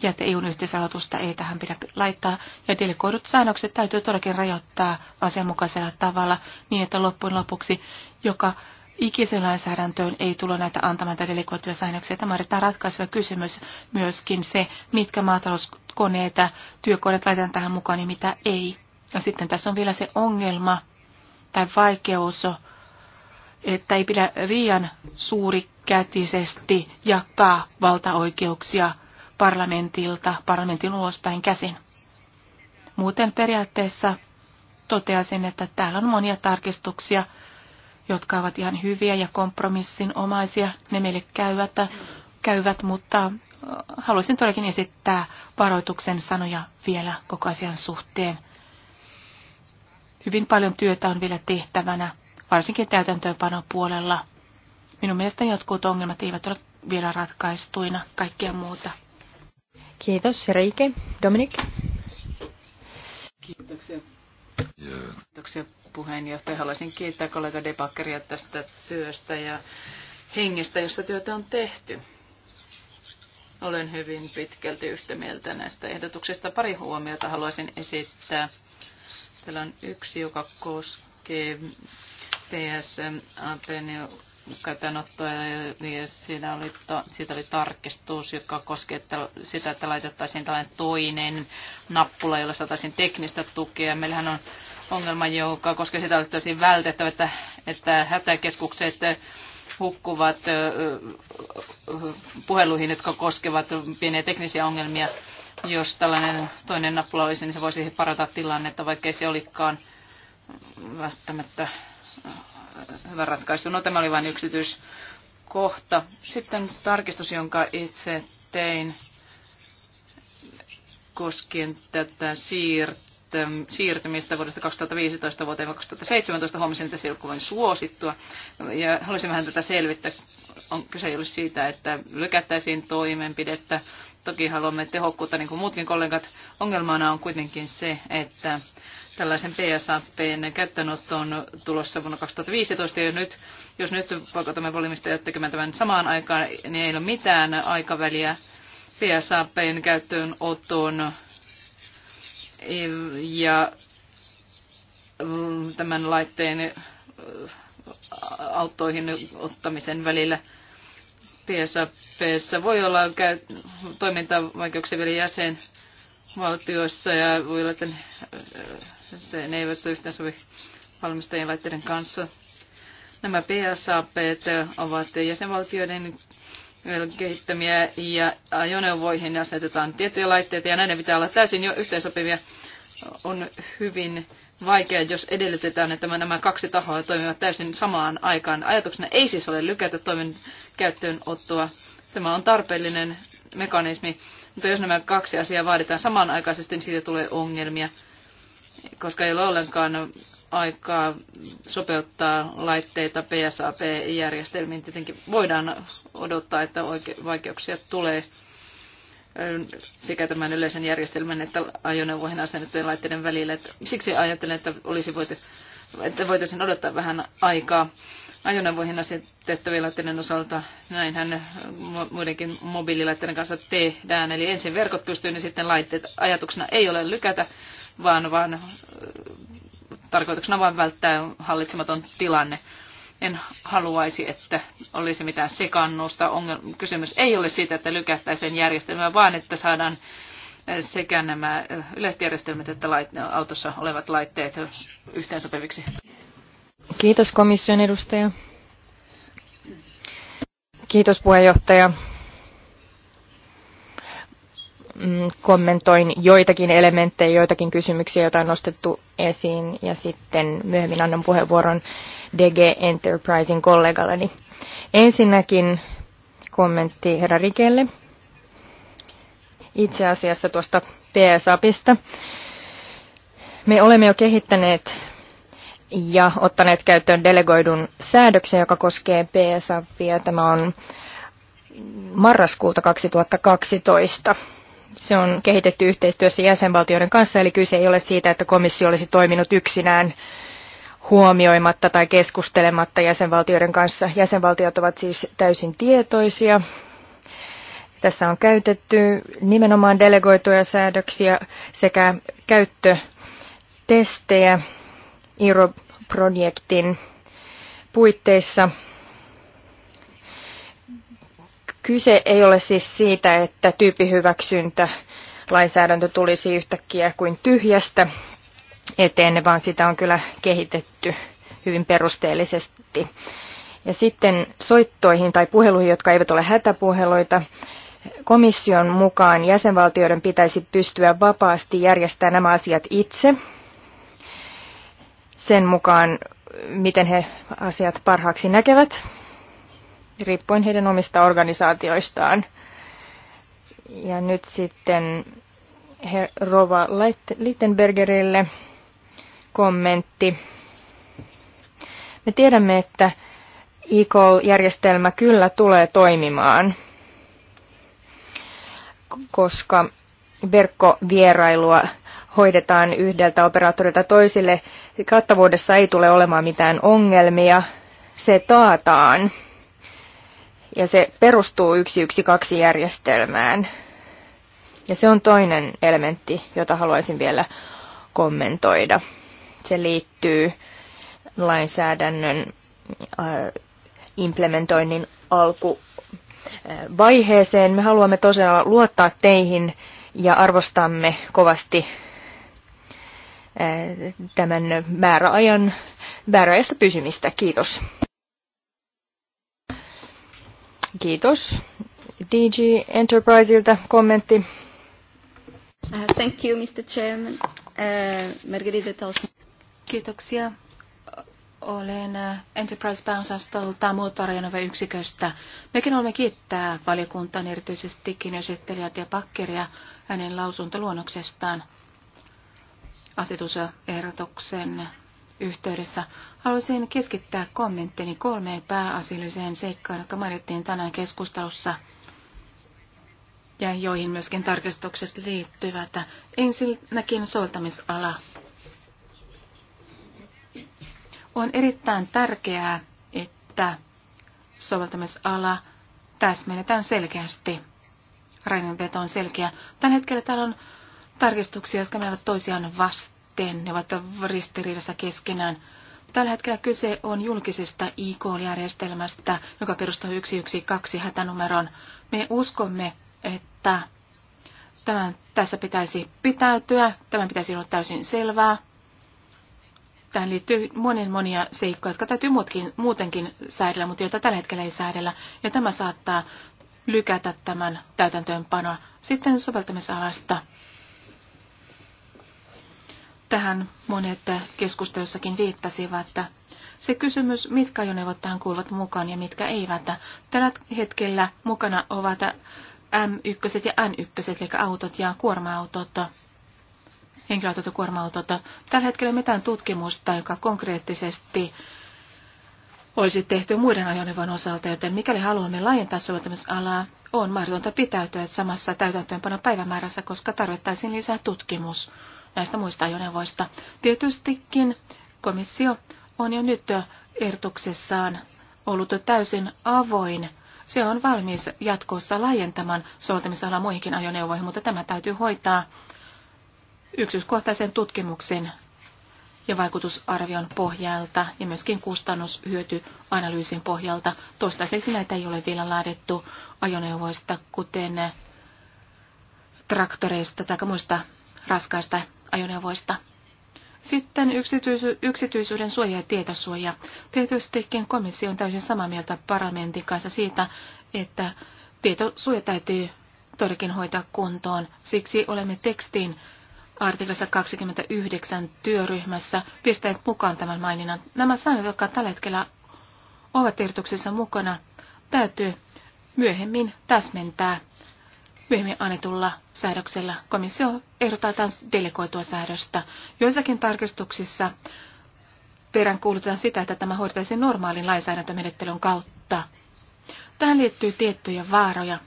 ja että EUn yhteisrahoitusta ei tähän pidä laittaa. Ja delegoidut säännökset täytyy todellakin rajoittaa asianmukaisella tavalla niin, että loppujen lopuksi joka ikisen lainsäädäntöön ei tule näitä antamaan tai delegoituja säännöksiä. Tämä on ratkaiseva kysymys myöskin se, mitkä maatalouskoneet ja työkoneet laitetaan tähän mukaan ja niin mitä ei. Ja sitten tässä on vielä se ongelma tai vaikeus, että ei pidä liian suurikätisesti jakaa valtaoikeuksia parlamentilta, parlamentin ulospäin käsin. Muuten periaatteessa toteaisin, että täällä on monia tarkistuksia, jotka ovat ihan hyviä ja kompromissin omaisia. Ne meille käyvät, käyvät mutta haluaisin todellakin esittää varoituksen sanoja vielä koko asian suhteen. Hyvin paljon työtä on vielä tehtävänä, varsinkin täytäntöönpanon puolella. Minun mielestäni jotkut ongelmat eivät ole vielä ratkaistuina, kaikkea muuta. Kiitos, Reike. Dominik. Kiitoksia. Kiitoksia puheenjohtaja. Haluaisin kiittää kollega Debakkeria tästä työstä ja hengestä, jossa työtä on tehty. Olen hyvin pitkälti yhtä mieltä näistä ehdotuksista. Pari huomiota haluaisin esittää. Täällä on yksi, joka koskee PSAPn käyttöönottoa ja siinä oli, siitä oli tarkistus, joka koskee että sitä, että laitettaisiin tällainen toinen nappula, jolla saataisiin teknistä tukea. Meillähän on ongelma, joka koskee sitä, että tosi vältettävä, että, että hätäkeskukset hukkuvat puheluihin, jotka koskevat pieniä teknisiä ongelmia. Jos tällainen toinen nappula olisi, niin se voisi parata tilannetta, ei se olikaan välttämättä hyvä ratkaisu. No tämä oli vain yksityiskohta. Sitten tarkistus, jonka itse tein koskien tätä siirtoa siirtymistä vuodesta 2015 vuoteen 2017. Huomasin, että se ei kovin suosittua. Ja haluaisin vähän tätä selvittää. On, kyse ei ole siitä, että lykättäisiin toimenpidettä. Toki haluamme tehokkuutta, niin kuin muutkin kollegat. Ongelmana on kuitenkin se, että tällaisen PSAPn käyttöönotto on tulossa vuonna 2015, ja nyt, jos nyt pakotamme valmistajat tekemään tämän samaan aikaan, niin ei ole mitään aikaväliä PSAPn käyttöönottoon ja mm, tämän laitteen autoihin ottamisen välillä PSAPssä voi olla toimintavaikeuksia vielä jäsenvaltioissa ja voi olla, että ne eivät yhtään sovi valmistajien laitteiden kanssa. Nämä PSAP ovat jäsenvaltioiden kehittämiä ja ajoneuvoihin asetetaan tiettyjä laitteita ja näiden pitää olla täysin jo yhteensopivia. On hyvin vaikea, jos edellytetään, että nämä kaksi tahoa toimivat täysin samaan aikaan. Ajatuksena ei siis ole lykätä toimen käyttöönottoa. Tämä on tarpeellinen mekanismi, mutta jos nämä kaksi asiaa vaaditaan samanaikaisesti, niin siitä tulee ongelmia koska ei ole ollenkaan aikaa sopeuttaa laitteita PSAP-järjestelmiin. Tietenkin voidaan odottaa, että vaikeuksia tulee sekä tämän yleisen järjestelmän että ajoneuvoihin asennettujen laitteiden välillä. Siksi ajattelen, että, olisi voitu, että voitaisiin odottaa vähän aikaa ajoneuvoihin asetettavien laitteiden osalta. Näinhän muidenkin mobiililaitteiden kanssa tehdään. Eli ensin verkot pystyy, niin sitten laitteet. Ajatuksena ei ole lykätä vaan, vaan tarkoituksena vain välttää hallitsematon tilanne. En haluaisi, että olisi mitään sekannusta. kysymys ei ole siitä, että lykättäisiin järjestelmää, vaan että saadaan eh, sekä nämä eh, yleiset järjestelmät että autossa olevat laitteet yhteensopiviksi. Kiitos komission edustaja. Kiitos puheenjohtaja. Mm, kommentoin joitakin elementtejä, joitakin kysymyksiä, joita on nostettu esiin, ja sitten myöhemmin annan puheenvuoron DG Enterprisein kollegalleni. Ensinnäkin kommentti herra Rikelle itse asiassa tuosta PSAPista. Me olemme jo kehittäneet ja ottaneet käyttöön delegoidun säädöksen, joka koskee PSAPia. Tämä on marraskuuta 2012. Se on kehitetty yhteistyössä jäsenvaltioiden kanssa, eli kyse ei ole siitä, että komissio olisi toiminut yksinään huomioimatta tai keskustelematta jäsenvaltioiden kanssa. Jäsenvaltiot ovat siis täysin tietoisia. Tässä on käytetty nimenomaan delegoituja säädöksiä sekä käyttötestejä IRO-projektin puitteissa – Kyse ei ole siis siitä, että tyyppihyväksyntä lainsäädäntö tulisi yhtäkkiä kuin tyhjästä eteen, vaan sitä on kyllä kehitetty hyvin perusteellisesti. Ja sitten soittoihin tai puheluihin, jotka eivät ole hätäpuheluita. Komission mukaan jäsenvaltioiden pitäisi pystyä vapaasti järjestämään nämä asiat itse sen mukaan, miten he asiat parhaaksi näkevät riippuen heidän omista organisaatioistaan. Ja nyt sitten Her- Rova Littenbergerille kommentti. Me tiedämme, että e-call-järjestelmä kyllä tulee toimimaan, koska verkkovierailua hoidetaan yhdeltä operaattorilta toisille. Kattavuudessa ei tule olemaan mitään ongelmia. Se taataan ja se perustuu 112-järjestelmään. Ja se on toinen elementti, jota haluaisin vielä kommentoida. Se liittyy lainsäädännön äh, implementoinnin alkuvaiheeseen. Me haluamme tosiaan luottaa teihin ja arvostamme kovasti äh, tämän määräajan, määräajassa pysymistä. Kiitos. Kiitos. DG Enterpriseilta kommentti. Uh, thank you, Mr. Chairman. Uh, Margarita Kiitoksia. Olen uh, Enterprise-pääosastolta muuttoarjanova yksiköstä. Mekin olemme kiittää valiokuntaan erityisestikin esittelijät ja pakkeria hänen lausuntoluonnoksestaan asetusehdotuksen yhteydessä. Haluaisin keskittää kommenttini kolmeen pääasialliseen seikkaan, jotka mainittiin tänään keskustelussa ja joihin myöskin tarkistukset liittyvät. Ensinnäkin soveltamisala. On erittäin tärkeää, että soveltamisala täsmennetään selkeästi. Rainenveto on selkeä. Tällä hetkellä täällä on tarkistuksia, jotka menevät toisiaan vastaan sitten, ne ovat ristiriidassa keskenään. Tällä hetkellä kyse on julkisesta IK-järjestelmästä, joka perustuu 112 hätänumeron. Me uskomme, että tämän, tässä pitäisi pitäytyä, tämän pitäisi olla täysin selvää. Tähän liittyy monen monia seikkoja, jotka täytyy muutkin, muutenkin säädellä, mutta joita tällä hetkellä ei säädellä. Ja tämä saattaa lykätä tämän täytäntöönpanoa. Sitten soveltamisalasta. Tähän monet keskustelussakin viittasivat. että Se kysymys, mitkä ajoneuvot tähän kuuluvat mukaan ja mitkä eivät. Tällä hetkellä mukana ovat M1 ja N1, eli autot ja kuorma-autot, henkilöautot ja kuorma-autot. Tällä hetkellä mitään tutkimusta, joka konkreettisesti olisi tehty muiden ajoneuvon osalta, joten mikäli haluamme laajentaa soveltamisalaa, on mahdotonta pitäytyä samassa täytäntöönpanon päivämäärässä, koska tarvittaisiin lisää tutkimus, näistä muista ajoneuvoista. Tietystikin komissio on jo nyt ertuksessaan ollut täysin avoin. Se on valmis jatkossa laajentamaan soveltamisala muihinkin ajoneuvoihin, mutta tämä täytyy hoitaa yksityiskohtaisen tutkimuksen ja vaikutusarvion pohjalta ja myöskin kustannushyötyanalyysin pohjalta. Toistaiseksi näitä ei ole vielä laadittu ajoneuvoista, kuten traktoreista tai muista raskaista ajoneuvoista. Sitten yksityisy- yksityisyyden suoja ja tietosuoja. Tietystikin komissio on täysin samaa mieltä parlamentin kanssa siitä, että tietosuoja täytyy todellakin hoitaa kuntoon. Siksi olemme tekstiin artiklassa 29 työryhmässä pistäneet mukaan tämän maininnan. Nämä säännöt, jotka tällä hetkellä ovat ehdotuksessa mukana, täytyy myöhemmin täsmentää myöhemmin annetulla säädöksellä. Komissio ehdottaa taas delegoitua säädöstä. Joissakin tarkistuksissa peräänkuulutetaan sitä, että tämä hoidettaisiin normaalin lainsäädäntömenettelyn kautta. Tähän liittyy tiettyjä vaaroja.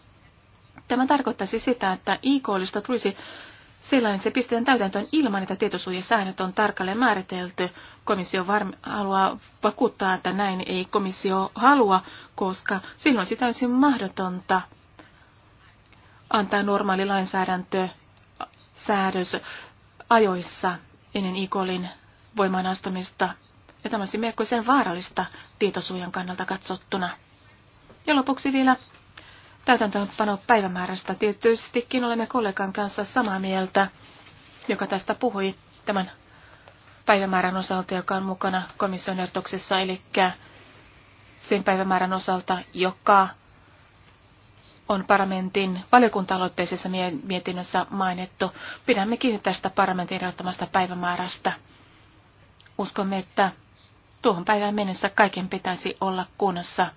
Tämä tarkoittaisi sitä, että IK-lista tulisi sellainen, että se pistetään täytäntöön ilman, että tietosuojasäännöt on tarkalleen määritelty. Komissio varm- haluaa vakuuttaa, että näin ei komissio halua, koska silloin sitä olisi mahdotonta antaa normaali lainsäädäntö, säädös ajoissa ennen ikolin voimaan astumista. Ja tämä olisi melkoisen vaarallista tietosuojan kannalta katsottuna. Ja lopuksi vielä täytäntöönpano päivämäärästä. Tietystikin olemme kollegan kanssa samaa mieltä, joka tästä puhui tämän päivämäärän osalta, joka on mukana komission eli sen päivämäärän osalta, joka on parlamentin valiokunta-aloitteisessa mietinnössä mainittu. Pidämme kiinni tästä parlamentin ehdottomasta päivämäärästä. Uskomme, että tuohon päivään mennessä kaiken pitäisi olla kunnossa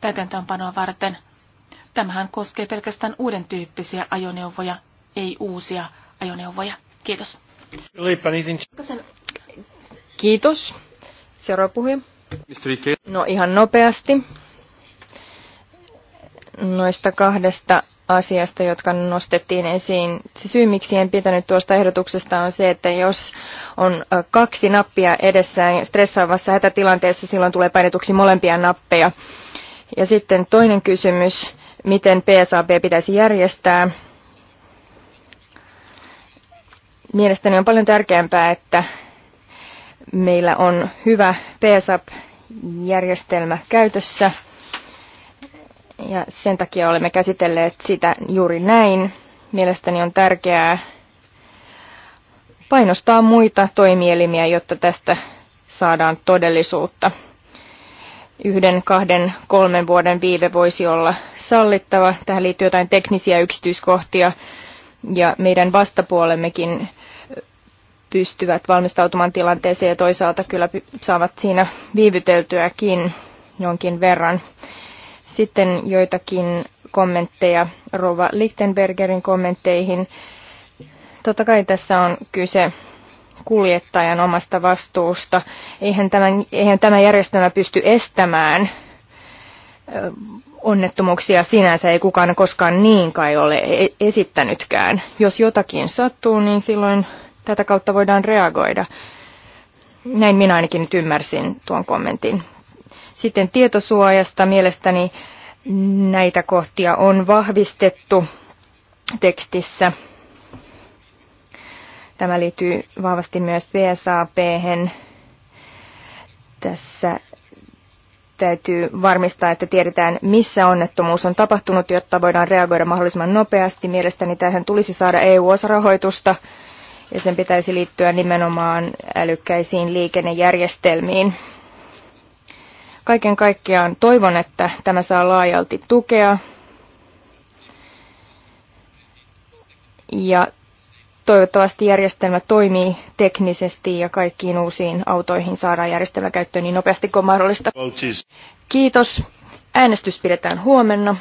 täytäntöönpanoa varten. Tämähän koskee pelkästään uuden tyyppisiä ajoneuvoja, ei uusia ajoneuvoja. Kiitos. Kiitos. Seuraava puhuja. No ihan nopeasti noista kahdesta asiasta, jotka nostettiin esiin. Se syy, miksi en pitänyt tuosta ehdotuksesta, on se, että jos on kaksi nappia edessään stressaavassa hätätilanteessa, silloin tulee painetuksi molempia nappeja. Ja sitten toinen kysymys, miten PSAB pitäisi järjestää. Mielestäni on paljon tärkeämpää, että meillä on hyvä PSAP-järjestelmä käytössä – ja sen takia olemme käsitelleet sitä juuri näin. Mielestäni on tärkeää painostaa muita toimielimiä, jotta tästä saadaan todellisuutta. Yhden, kahden, kolmen vuoden viive voisi olla sallittava. Tähän liittyy jotain teknisiä yksityiskohtia ja meidän vastapuolemmekin pystyvät valmistautumaan tilanteeseen ja toisaalta kyllä saavat siinä viivyteltyäkin jonkin verran. Sitten joitakin kommentteja Rova Lichtenbergerin kommentteihin. Totta kai tässä on kyse kuljettajan omasta vastuusta. Eihän, tämä eihän tämä järjestelmä pysty estämään onnettomuuksia sinänsä, ei kukaan koskaan niin kai ole e-, esittänytkään. Jos jotakin sattuu, niin silloin tätä kautta voidaan reagoida. Näin minä ainakin nyt ymmärsin tuon kommentin. Sitten tietosuojasta mielestäni näitä kohtia on vahvistettu tekstissä. Tämä liittyy vahvasti myös psap -hän. Tässä täytyy varmistaa, että tiedetään, missä onnettomuus on tapahtunut, jotta voidaan reagoida mahdollisimman nopeasti. Mielestäni tähän tulisi saada EU-osarahoitusta ja sen pitäisi liittyä nimenomaan älykkäisiin liikennejärjestelmiin. Kaiken kaikkiaan toivon, että tämä saa laajalti tukea. Ja toivottavasti järjestelmä toimii teknisesti ja kaikkiin uusiin autoihin saadaan järjestelmä käyttöön niin nopeasti kuin mahdollista. Kiitos. Äänestys pidetään huomenna.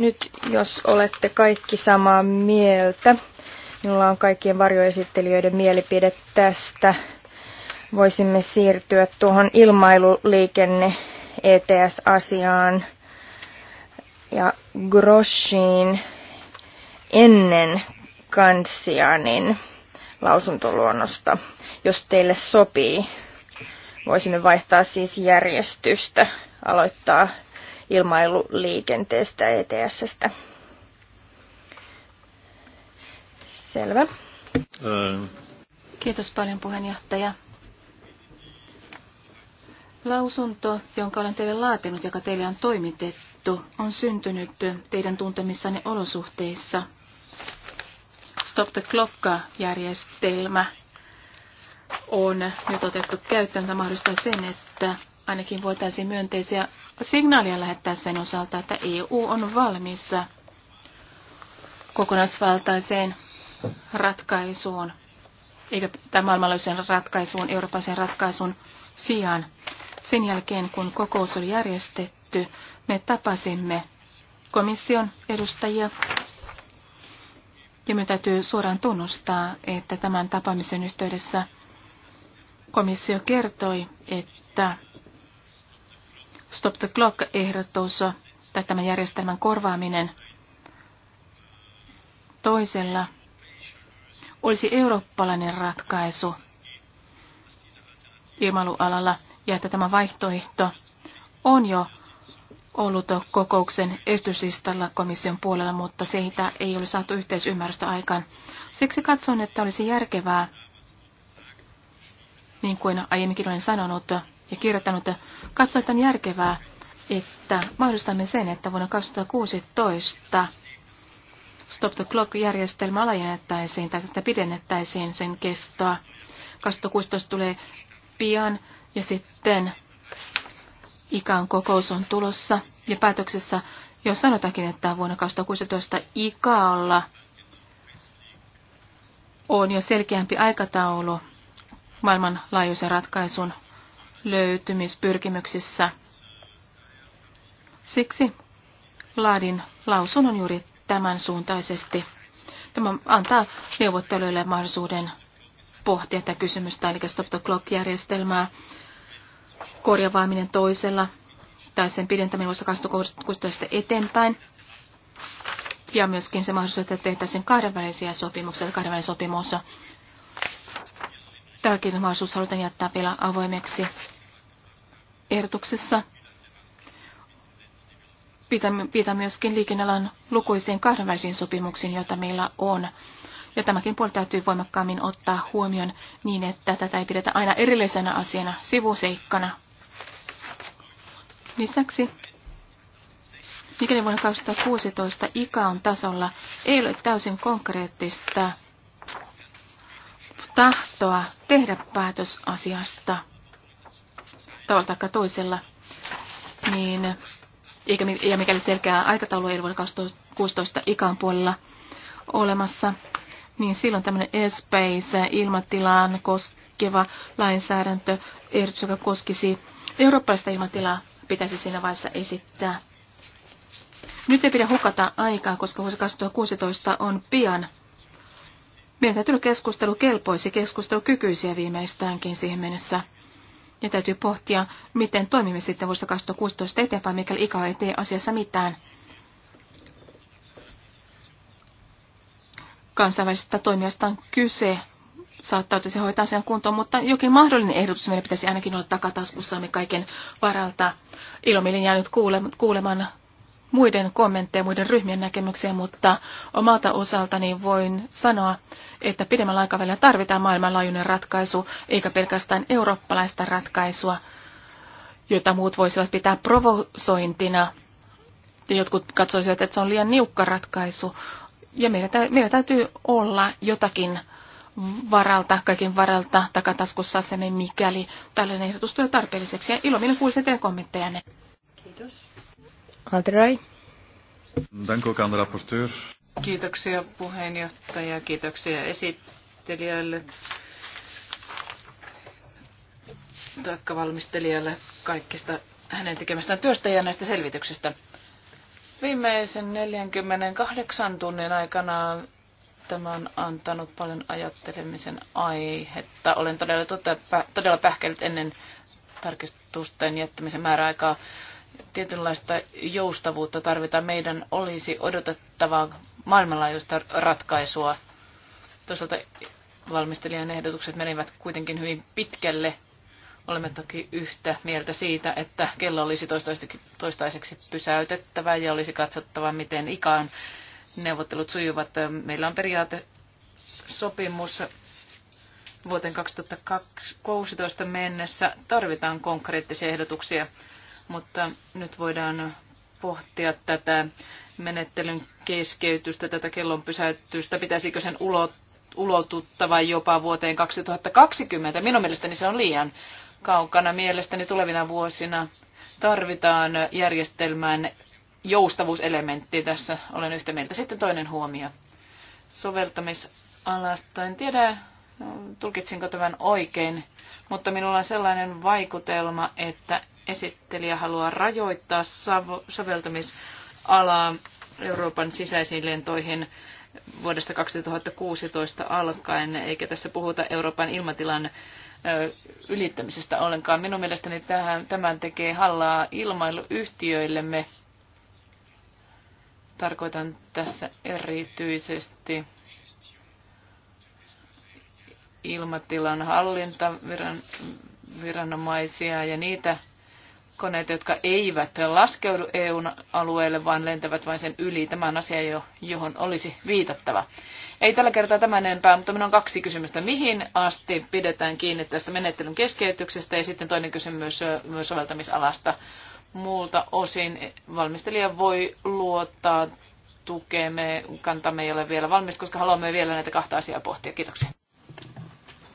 Nyt jos olette kaikki samaa mieltä, minulla on kaikkien varjoesittelijöiden mielipide tästä. Voisimme siirtyä tuohon ilmailuliikenne ETS-asiaan ja Groshiin ennen Kansianin lausuntoluonnosta, jos teille sopii. Voisimme vaihtaa siis järjestystä, aloittaa ilmailuliikenteestä ETSstä. Selvä. Kiitos paljon puheenjohtaja. Lausunto, jonka olen teille laatinut, joka teille on toimitettu, on syntynyt teidän tuntemissanne olosuhteissa. Stop the Clock-järjestelmä on nyt otettu käyttöön. Tämä mahdollistaa sen, että ainakin voitaisiin myönteisiä signaalia lähettää sen osalta, että EU on valmis kokonaisvaltaiseen ratkaisuun, eikä tämän maailmanlaajuisen ratkaisuun, eurooppalaisen ratkaisun sijaan. Sen jälkeen, kun kokous oli järjestetty, me tapasimme komission edustajia. Ja me täytyy suoraan tunnustaa, että tämän tapaamisen yhteydessä komissio kertoi, että Stop the Clock-ehdotus tai tämän järjestelmän korvaaminen toisella olisi eurooppalainen ratkaisu ilmailualalla ja että tämä vaihtoehto on jo ollut kokouksen estyslistalla komission puolella, mutta siitä ei ole saatu yhteisymmärrystä aikaan. Siksi katson, että olisi järkevää, niin kuin aiemminkin olen sanonut, ja kirjoittanut, että katso, että on järkevää, että mahdollistamme sen, että vuonna 2016 Stop the Clock-järjestelmä laajennettaisiin tai sitä pidennettäisiin sen kestoa. 2016 tulee pian ja sitten ikan kokous on tulossa ja päätöksessä, jos sanotakin, että vuonna 2016 ikalla on jo selkeämpi aikataulu maailmanlaajuisen ratkaisun löytymispyrkimyksissä. Siksi laadin lausunnon juuri tämän suuntaisesti. Tämä antaa neuvotteluille mahdollisuuden pohtia tätä kysymystä, eli stop the clock-järjestelmää, korjavaaminen toisella tai sen pidentäminen vuosi 2016 eteenpäin. Ja myöskin se mahdollisuus, että tehtäisiin kahdenvälisiä sopimuksia, kahdenvälinen sopimus Tämäkin mahdollisuus halutaan jättää vielä avoimeksi. Ehdotuksessa pitää myöskin liikennealan lukuisiin kahdenvälisiin sopimuksiin, joita meillä on. Ja tämäkin puoli täytyy voimakkaammin ottaa huomioon niin, että tätä ei pidetä aina erillisenä asiana, sivuseikkana. Lisäksi, mikäli vuonna 2016 ikä on tasolla, ei ole täysin konkreettista tahtoa tehdä päätös asiasta tavalla tai toisella, niin, eikä, ja mikäli selkeää aikataulu ei vuoden 2016 ikan puolella olemassa, niin silloin tämmöinen airspace ilmatilaan koskeva lainsäädäntö, ehdotus, joka koskisi eurooppalaista ilmatilaa, pitäisi siinä vaiheessa esittää. Nyt ei pidä hukata aikaa, koska vuosi 2016 on pian meidän täytyy olla keskustelu keskustelukykyisiä viimeistäänkin siihen mennessä. Ja täytyy pohtia, miten toimimme sitten vuodesta 2016 eteenpäin, mikäli ikä ei tee asiassa mitään. Kansainvälisestä toimijasta on kyse. Saattaa se hoitaa sen kuntoon, mutta jokin mahdollinen ehdotus meidän pitäisi ainakin olla takataskussamme kaiken varalta. Ilomielin jäänyt kuulemaan muiden kommentteja, muiden ryhmien näkemyksiä, mutta omalta osaltani voin sanoa, että pidemmällä aikavälillä tarvitaan maailmanlaajuinen ratkaisu, eikä pelkästään eurooppalaista ratkaisua, jota muut voisivat pitää provosointina. Ja jotkut katsoisivat, että se on liian niukka ratkaisu. Ja meidän täytyy olla jotakin varalta, kaiken varalta takataskussa asemme, mikäli tällainen ehdotus tulee tarpeelliseksi. Ja ilomielin kuulisin teidän kommenttejanne. Kiitos. Alderai. Kiitoksia puheenjohtaja, kiitoksia esittelijälle, taikka valmistelijalle kaikista hänen tekemästään työstä ja näistä selvityksistä. Viimeisen 48 tunnin aikana tämä on antanut paljon ajattelemisen aihetta. Olen todella, tota, todella pähkellyt ennen tarkistusten jättämisen määräaikaa tietynlaista joustavuutta tarvitaan. Meidän olisi odotettavaa maailmanlaajuista ratkaisua. Toisaalta valmistelijan ehdotukset menivät kuitenkin hyvin pitkälle. Olemme toki yhtä mieltä siitä, että kello olisi toistaiseksi pysäytettävä ja olisi katsottava, miten ikään neuvottelut sujuvat. Meillä on periaate sopimus vuoteen 2016 mennessä. Tarvitaan konkreettisia ehdotuksia mutta nyt voidaan pohtia tätä menettelyn keskeytystä, tätä kellon pysäytystä, pitäisikö sen ulotuttava jopa vuoteen 2020. Minun mielestäni se on liian kaukana. Mielestäni tulevina vuosina tarvitaan järjestelmän joustavuuselementti tässä. Olen yhtä mieltä. Sitten toinen huomio soveltamisalasta. En tiedä, tulkitsinko tämän oikein, mutta minulla on sellainen vaikutelma, että esittelijä haluaa rajoittaa soveltamisalaa Euroopan sisäisiin lentoihin vuodesta 2016 alkaen, eikä tässä puhuta Euroopan ilmatilan ylittämisestä ollenkaan. Minun mielestäni tämän tekee hallaa ilmailuyhtiöillemme. Tarkoitan tässä erityisesti ilmatilan hallintaviranomaisia ja niitä koneita, jotka eivät laskeudu EUn alueelle, vaan lentävät vain sen yli. Tämä on asia, johon olisi viitattava. Ei tällä kertaa tämän enempää, mutta minulla on kaksi kysymystä. Mihin asti pidetään kiinni tästä menettelyn keskeytyksestä ja sitten toinen kysymys myös soveltamisalasta. Muulta osin valmistelija voi luottaa tukemme, kantamme ei ole vielä valmis, koska haluamme vielä näitä kahta asiaa pohtia. Kiitoksia.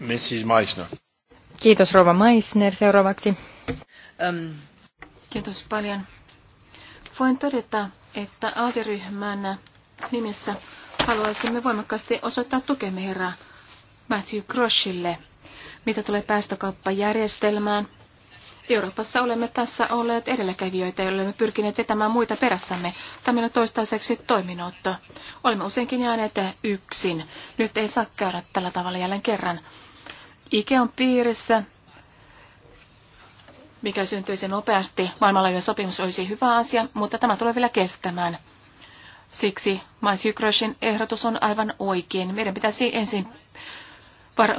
Mrs. Meissner. Kiitos Rova Meissner seuraavaksi. Um, kiitos paljon. Voin todeta, että Alderyhmän nimessä haluaisimme voimakkaasti osoittaa tukemme herra Matthew Groshille, mitä tulee päästökauppajärjestelmään. Euroopassa olemme tässä olleet edelläkävijöitä ja olemme pyrkineet vetämään muita perässämme. Tämä on toistaiseksi toiminut. Olemme useinkin jääneet yksin. Nyt ei saa käydä tällä tavalla jälleen kerran. Ikean piirissä, mikä syntyisi nopeasti, maailmanlaajuinen sopimus olisi hyvä asia, mutta tämä tulee vielä kestämään. Siksi Mike Hygrosin ehdotus on aivan oikein. Meidän pitäisi ensin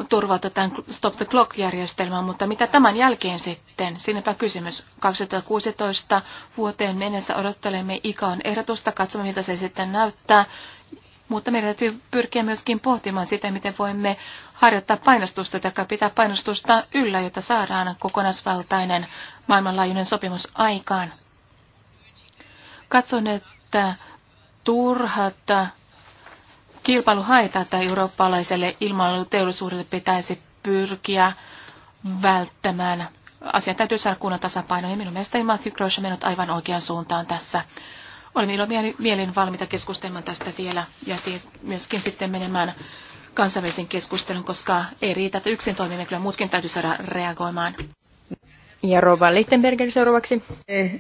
turvata tämän Stop the Clock-järjestelmän, mutta mitä tämän jälkeen sitten? Siinäpä kysymys. 2016 vuoteen mennessä odottelemme ikaan ehdotusta, katsomme miltä se sitten näyttää mutta meidän täytyy pyrkiä myöskin pohtimaan sitä, miten voimme harjoittaa painostusta tai pitää painostusta yllä, jotta saadaan kokonaisvaltainen maailmanlaajuinen sopimus aikaan. Katson, että turhat kilpailuhaitat eurooppalaiselle ilmailuteollisuudelle pitäisi pyrkiä välttämään. Asia täytyy saada kunnan tasapainoon ja minun mielestäni Matthew Grosh on mennyt aivan oikeaan suuntaan tässä. Olen ilo mielin valmiita keskustelemaan tästä vielä ja siis myöskin sitten menemään kansainvälisen keskustelun, koska ei riitä, että yksin toimimme, kyllä muutkin täytyy saada reagoimaan. Ja Rova Lichtenberger seuraavaksi. Eh,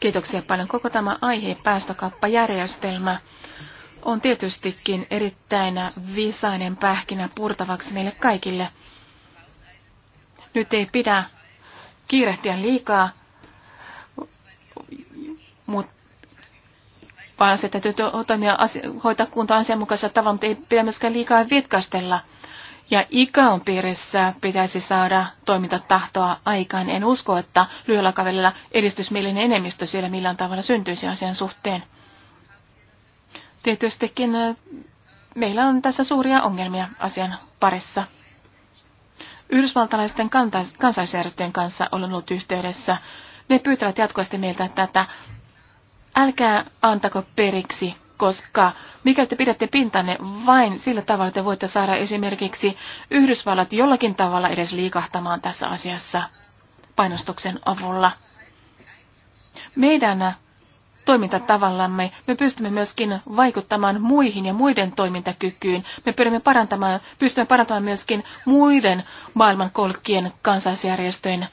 Kiitoksia paljon. Koko tämä aihe, päästökauppajärjestelmä, on tietystikin erittäin viisainen pähkinä purtavaksi meille kaikille. Nyt ei pidä kiirehtiä liikaa, mutta vaan se täytyy toimia, hoitaa kuntoon asianmukaisella tavalla, mutta ei pidä myöskään liikaa vitkastella. Ja on piirissä pitäisi saada toimintatahtoa aikaan. En usko, että lyhyellä kavelilla edistysmielinen enemmistö siellä millään tavalla syntyisi asian suhteen. Tietystikin äh, meillä on tässä suuria ongelmia asian parissa. Yhdysvaltalaisten kansaisjärjestöjen kanssa olen ollut yhteydessä. Ne pyytävät jatkuvasti meiltä tätä Älkää antako periksi, koska mikäli te pidätte pintanne vain sillä tavalla, te voitte saada esimerkiksi Yhdysvallat jollakin tavalla edes liikahtamaan tässä asiassa painostuksen avulla. Meidän toimintatavallamme me pystymme myöskin vaikuttamaan muihin ja muiden toimintakykyyn. Me pyrimme parantamaan, pystymme parantamaan myöskin muiden maailmankolkkien kansalaisjärjestöjen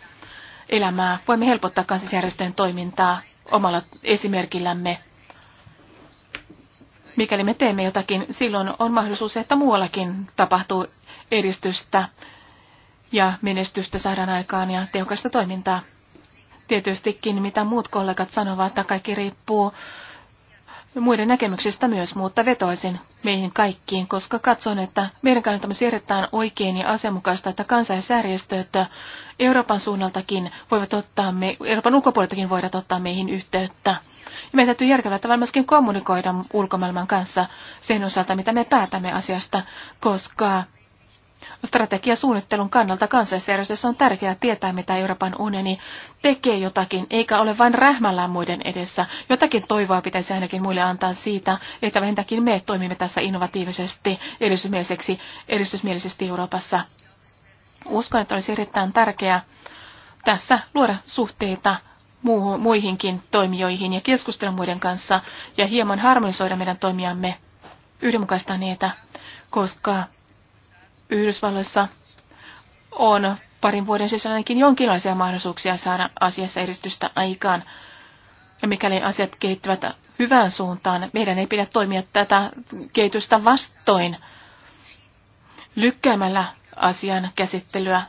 elämää. Voimme helpottaa kansalaisjärjestöjen toimintaa omalla esimerkillämme. Mikäli me teemme jotakin, silloin on mahdollisuus, että muuallakin tapahtuu edistystä ja menestystä saadaan aikaan ja tehokasta toimintaa. Tietystikin, mitä muut kollegat sanovat, kaikki riippuu muiden näkemyksistä myös, mutta vetoisin meihin kaikkiin, koska katson, että meidän kannaltamme siirretään oikein ja asianmukaista, että kansainjärjestöt Euroopan suunnaltakin voivat ottaa, me, Euroopan ulkopuoleltakin voivat ottaa meihin yhteyttä. Ja meidän täytyy järkevällä tavalla myöskin kommunikoida ulkomaailman kanssa sen osalta, mitä me päätämme asiasta, koska Strategiasuunnittelun kannalta kansallisjärjestössä on tärkeää tietää, mitä Euroopan unioni tekee jotakin, eikä ole vain rähmällään muiden edessä. Jotakin toivoa pitäisi ainakin muille antaa siitä, että vähintäänkin me toimimme tässä innovatiivisesti, edistysmieliseksi, edistysmielisesti Euroopassa. Uskon, että olisi erittäin tärkeää tässä luoda suhteita muihinkin toimijoihin ja keskustella muiden kanssa ja hieman harmonisoida meidän toimijamme, yhdenmukaista niitä, koska Yhdysvalloissa on parin vuoden sisällä ainakin jonkinlaisia mahdollisuuksia saada asiassa edistystä aikaan. Ja mikäli asiat kehittyvät hyvään suuntaan, meidän ei pidä toimia tätä kehitystä vastoin lykkäämällä asian käsittelyä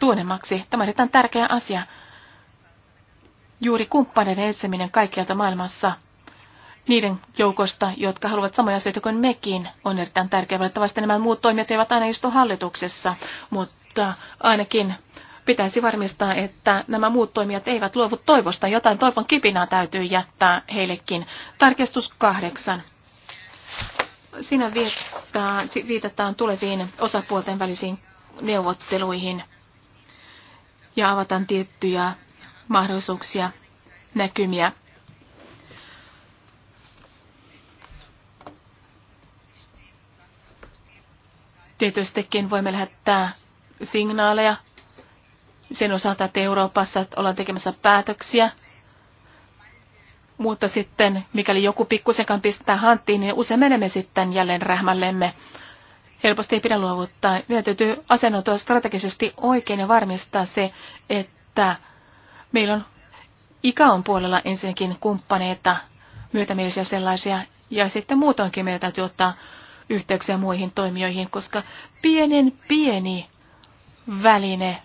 tuonemmaksi. Tämä on erittäin tärkeä asia. Juuri kumppaneiden etsiminen kaikkialta maailmassa – niiden joukosta, jotka haluavat samoja asioita kuin mekin, on erittäin tärkeää. Valitettavasti nämä muut toimijat eivät aina istu hallituksessa, mutta ainakin pitäisi varmistaa, että nämä muut toimijat eivät luovu toivosta. Jotain toivon kipinää täytyy jättää heillekin. Tarkistus kahdeksan. Siinä viitataan, viitataan tuleviin osapuolten välisiin neuvotteluihin ja avataan tiettyjä mahdollisuuksia, näkymiä Tietystikin voimme lähettää signaaleja sen osalta, että Euroopassa ollaan tekemässä päätöksiä. Mutta sitten, mikäli joku pikkusekan pistää hanttiin, niin usein menemme sitten jälleen rähmällemme. Helposti ei pidä luovuttaa. Meidän täytyy asennoitua strategisesti oikein ja varmistaa se, että meillä on ikaon puolella ensinnäkin kumppaneita, myötämielisiä sellaisia, ja sitten muutoinkin meidän täytyy ottaa yhteyksiä muihin toimijoihin, koska pienen pieni väline,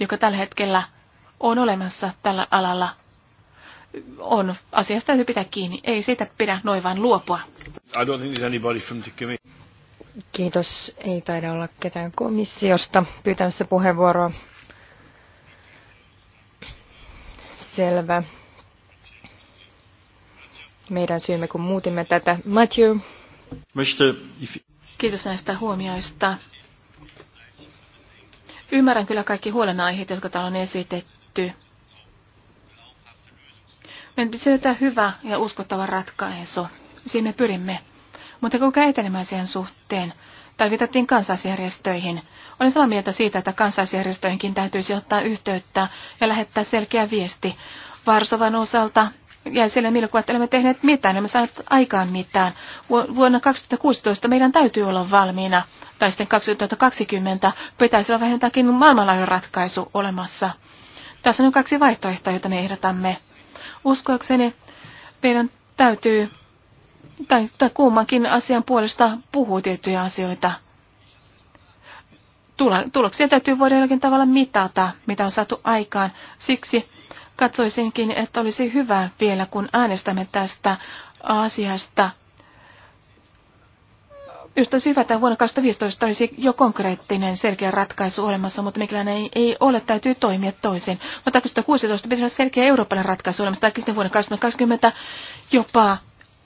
joka tällä hetkellä on olemassa tällä alalla, on asiasta täytyy pitää kiinni. Ei siitä pidä noin vain luopua. Kiitos. Ei taida olla ketään komissiosta pyytämässä puheenvuoroa. Selvä. Meidän syymme, kun muutimme tätä. Matthew. Kiitos näistä huomioista. Ymmärrän kyllä kaikki huolenaiheet, jotka täällä on esitetty. Meidän pitää hyvä ja uskottava ratkaisu. Siinä pyrimme. Mutta kun etenemään siihen suhteen, tai viitattiin kansaisjärjestöihin. Olen samaa mieltä siitä, että kansaisjärjestöihinkin täytyisi ottaa yhteyttä ja lähettää selkeä viesti. Varsovan osalta jäi siellä mielikuva, että emme tehneet mitään, emme saaneet aikaan mitään. Vuonna 2016 meidän täytyy olla valmiina, tai sitten 2020 pitäisi olla vähintäänkin maailmanlaajuinen ratkaisu olemassa. Tässä on kaksi vaihtoehtoa, joita me ehdotamme. Uskoakseni meidän täytyy, tai, tai kummankin asian puolesta puhuu tiettyjä asioita. Tuloksia täytyy voida jollakin tavalla mitata, mitä on saatu aikaan. Siksi Katsoisinkin, että olisi hyvä vielä, kun äänestämme tästä asiasta, Just olisi hyvä, että vuonna 2015 olisi jo konkreettinen selkeä ratkaisu olemassa, mutta mikään ei, ei ole, täytyy toimia toisin. Mutta 2016 pitäisi olla selkeä eurooppalainen ratkaisu olemassa, tai sitten vuonna 2020 jopa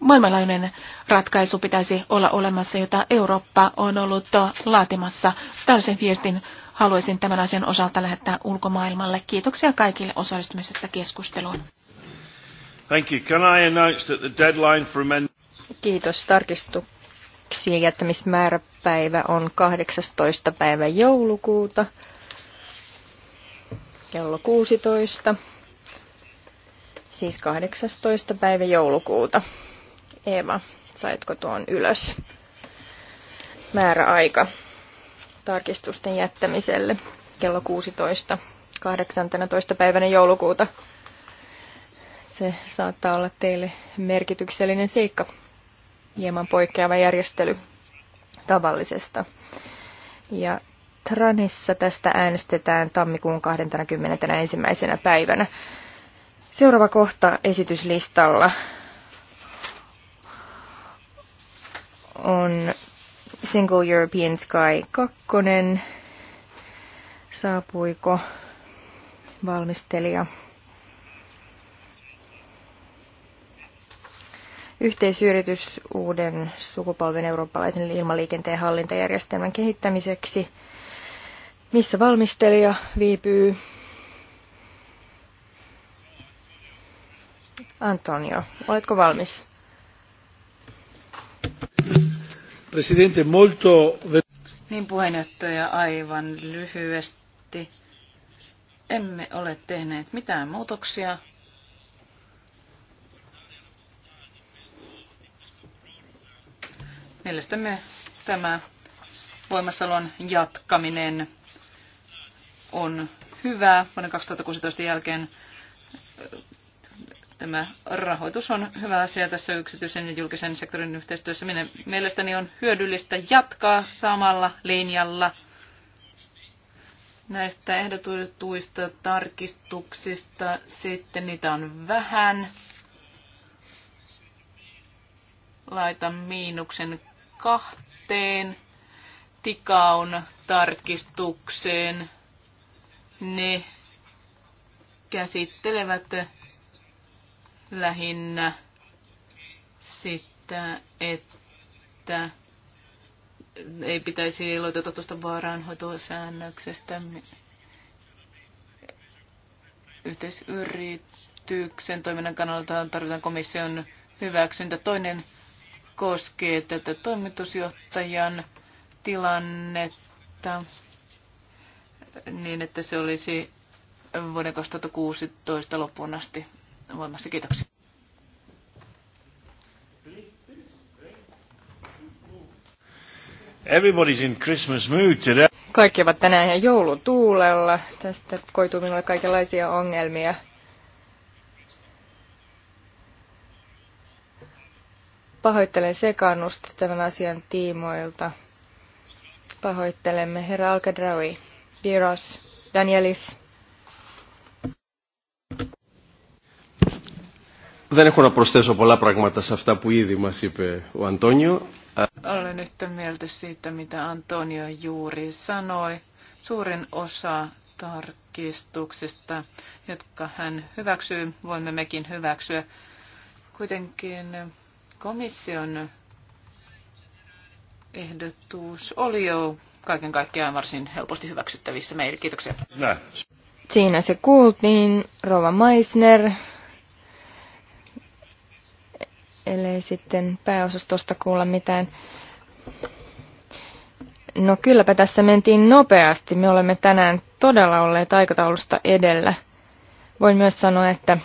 maailmanlainen ratkaisu pitäisi olla olemassa, jota Eurooppa on ollut laatimassa. Tällaisen viestin haluaisin tämän asian osalta lähettää ulkomaailmalle. Kiitoksia kaikille osallistumisesta keskusteluun. Thank you. Can I announce that the deadline for men... Kiitos. Tarkistuksien jättämismääräpäivä on 18. päivä joulukuuta kello 16. Siis 18. päivä joulukuuta. Eeva, saitko tuon ylös? Määräaika tarkistusten jättämiselle kello 16. 18. päivänä joulukuuta. Se saattaa olla teille merkityksellinen seikka, hieman poikkeava järjestely tavallisesta. Ja Tranissa tästä äänestetään tammikuun 21. päivänä. Seuraava kohta esityslistalla on Single European Sky 2. Saapuiko valmistelija? Yhteisyritys uuden sukupolven eurooppalaisen ilmaliikenteen hallintajärjestelmän kehittämiseksi. Missä valmistelija viipyy? Antonio, oletko valmis? Presidente, molto... Niin puheenjohtaja aivan lyhyesti. Emme ole tehneet mitään muutoksia. Mielestämme tämä voimassaolon jatkaminen on hyvä vuoden 2016 jälkeen Tämä rahoitus on hyvä asia tässä yksityisen ja julkisen sektorin yhteistyössä. Minä mielestäni on hyödyllistä jatkaa samalla linjalla näistä ehdotuista tarkistuksista. Sitten niitä on vähän. Laitan miinuksen kahteen tikaun tarkistukseen. Ne käsittelevät lähinnä sitä, että ei pitäisi iloita tuosta vaaraanhoitosäännöksestä yhteisyrityksen toiminnan kannalta tarvitaan komission hyväksyntä. Toinen koskee tätä toimitusjohtajan tilannetta niin, että se olisi vuoden 2016 loppuun asti voimassa. Kiitoksia. Everybody's in Christmas mood today. Kaikki ovat tänään ihan joulutuulella. Tästä koituu minulle kaikenlaisia ongelmia. Pahoittelen sekaannusta tämän asian tiimoilta. Pahoittelemme herra Alcadraui, Piros, Danielis. Δεν έχω να προσθέσω πολλά πράγματα σε αυτά που ήδη μας είπε ο Αντώνιο. Olen yhtä mieltä siitä, mitä Antonio juuri sanoi. Suurin osa tarkistuksista, jotka hän hyväksyy, voimme mekin hyväksyä. Kuitenkin komission ehdotus oli jo kaiken kaikkiaan varsin helposti hyväksyttävissä meille. Kiitoksia. Siinä se kuultiin. Rova Meisner, ellei sitten pääosastosta kuulla mitään. No kylläpä tässä mentiin nopeasti. Me olemme tänään todella olleet aikataulusta edellä. Voin myös sanoa, että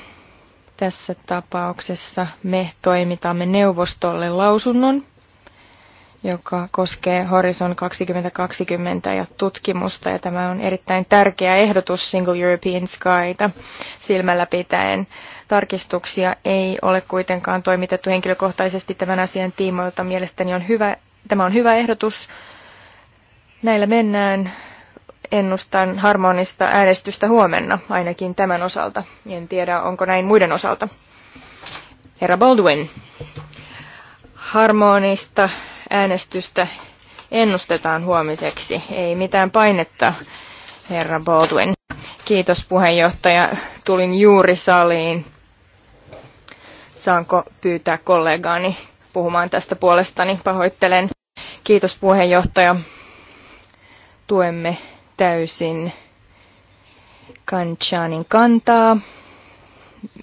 tässä tapauksessa me toimitamme neuvostolle lausunnon, joka koskee Horizon 2020 ja tutkimusta. Ja tämä on erittäin tärkeä ehdotus Single European Skyta silmällä pitäen Tarkistuksia ei ole kuitenkaan toimitettu henkilökohtaisesti tämän asian tiimoilta. Mielestäni on hyvä, tämä on hyvä ehdotus. Näillä mennään. Ennustan harmonista äänestystä huomenna, ainakin tämän osalta. En tiedä, onko näin muiden osalta. Herra Baldwin, harmonista äänestystä ennustetaan huomiseksi. Ei mitään painetta, herra Baldwin. Kiitos puheenjohtaja. Tulin juuri saliin saanko pyytää kollegaani puhumaan tästä puolestani. Pahoittelen. Kiitos puheenjohtaja. Tuemme täysin Kanchanin kantaa.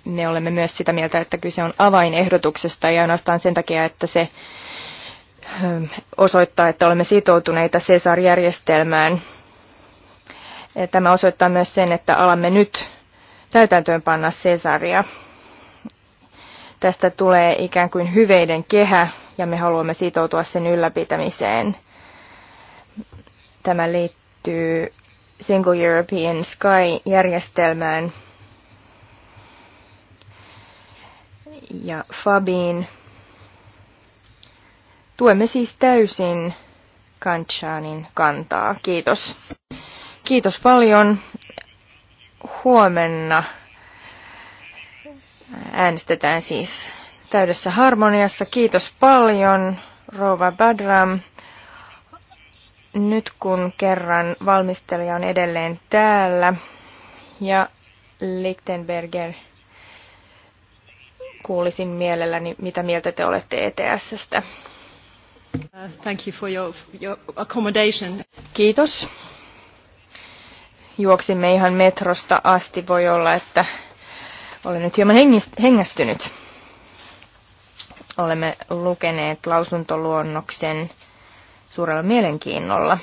Me olemme myös sitä mieltä, että kyse on avainehdotuksesta ja ainoastaan sen takia, että se ähm, osoittaa, että olemme sitoutuneita Cesar-järjestelmään. Tämä osoittaa myös sen, että alamme nyt täytäntöönpanna Cesaria Tästä tulee ikään kuin hyveiden kehä ja me haluamme sitoutua sen ylläpitämiseen. Tämä liittyy Single European Sky-järjestelmään ja Fabiin. Tuemme siis täysin Kanchanin kantaa. Kiitos. Kiitos paljon. Huomenna Äänestetään siis täydessä harmoniassa. Kiitos paljon, Rova Badram. Nyt kun kerran valmistelija on edelleen täällä ja Lichtenberger, kuulisin mielelläni, mitä mieltä te olette ETSstä. Thank you for your, your accommodation. Kiitos. Juoksimme ihan metrosta asti. Voi olla, että olen nyt hieman hengästynyt. Olemme lukeneet lausuntoluonnoksen suurella mielenkiinnolla.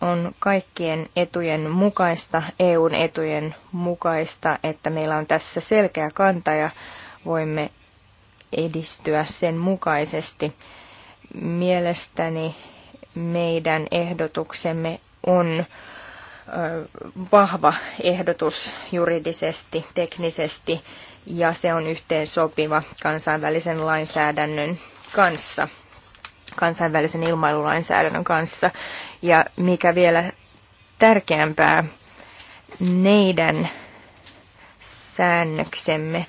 On kaikkien etujen mukaista, EUn etujen mukaista, että meillä on tässä selkeä kanta ja voimme edistyä sen mukaisesti. Mielestäni meidän ehdotuksemme on vahva ehdotus juridisesti, teknisesti ja se on yhteensopiva kansainvälisen lainsäädännön kanssa, kansainvälisen ilmailulainsäädännön kanssa. Ja mikä vielä tärkeämpää, meidän säännöksemme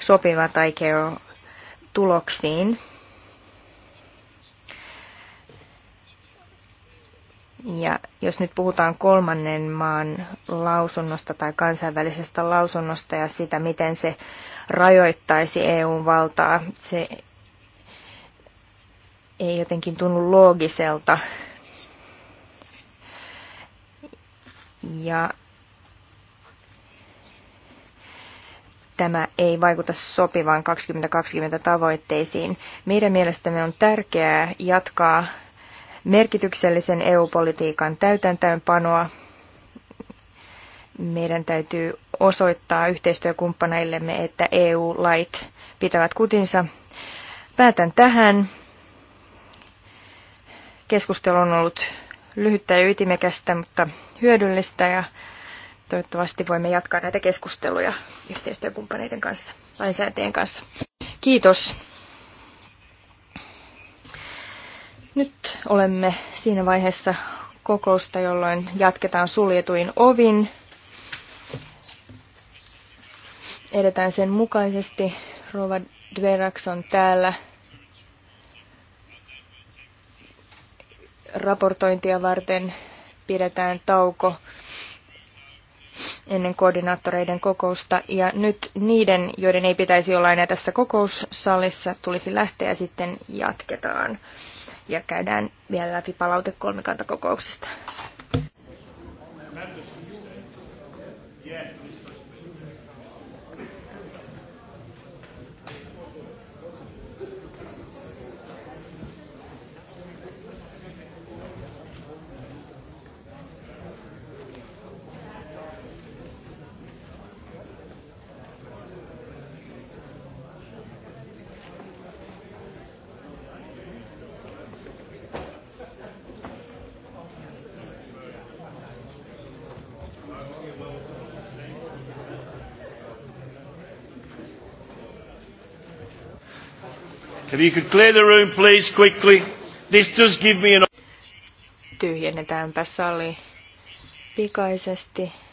sopivat aikeo tuloksiin, Ja jos nyt puhutaan kolmannen maan lausunnosta tai kansainvälisestä lausunnosta ja sitä, miten se rajoittaisi EUn valtaa, se ei jotenkin tunnu loogiselta. Ja tämä ei vaikuta sopivaan 2020 tavoitteisiin. Meidän mielestämme on tärkeää jatkaa merkityksellisen EU-politiikan täytäntöönpanoa. Meidän täytyy osoittaa yhteistyökumppaneillemme, että EU-lait pitävät kutinsa. Päätän tähän. Keskustelu on ollut lyhyttä ja ytimekästä, mutta hyödyllistä ja toivottavasti voimme jatkaa näitä keskusteluja yhteistyökumppaneiden kanssa, lainsäätäjien kanssa. Kiitos. Nyt olemme siinä vaiheessa kokousta, jolloin jatketaan suljetuin ovin. Edetään sen mukaisesti. Rova Dverax on täällä raportointia varten pidetään tauko ennen koordinaattoreiden kokousta. Ja nyt niiden, joiden ei pitäisi olla enää tässä kokoussalissa, tulisi lähteä ja sitten jatketaan ja käydään vielä läpi palaute kolmikantakokouksesta. If you could clear the room, please, quickly. This does give me an... Tyhjennetäänpä sali pikaisesti.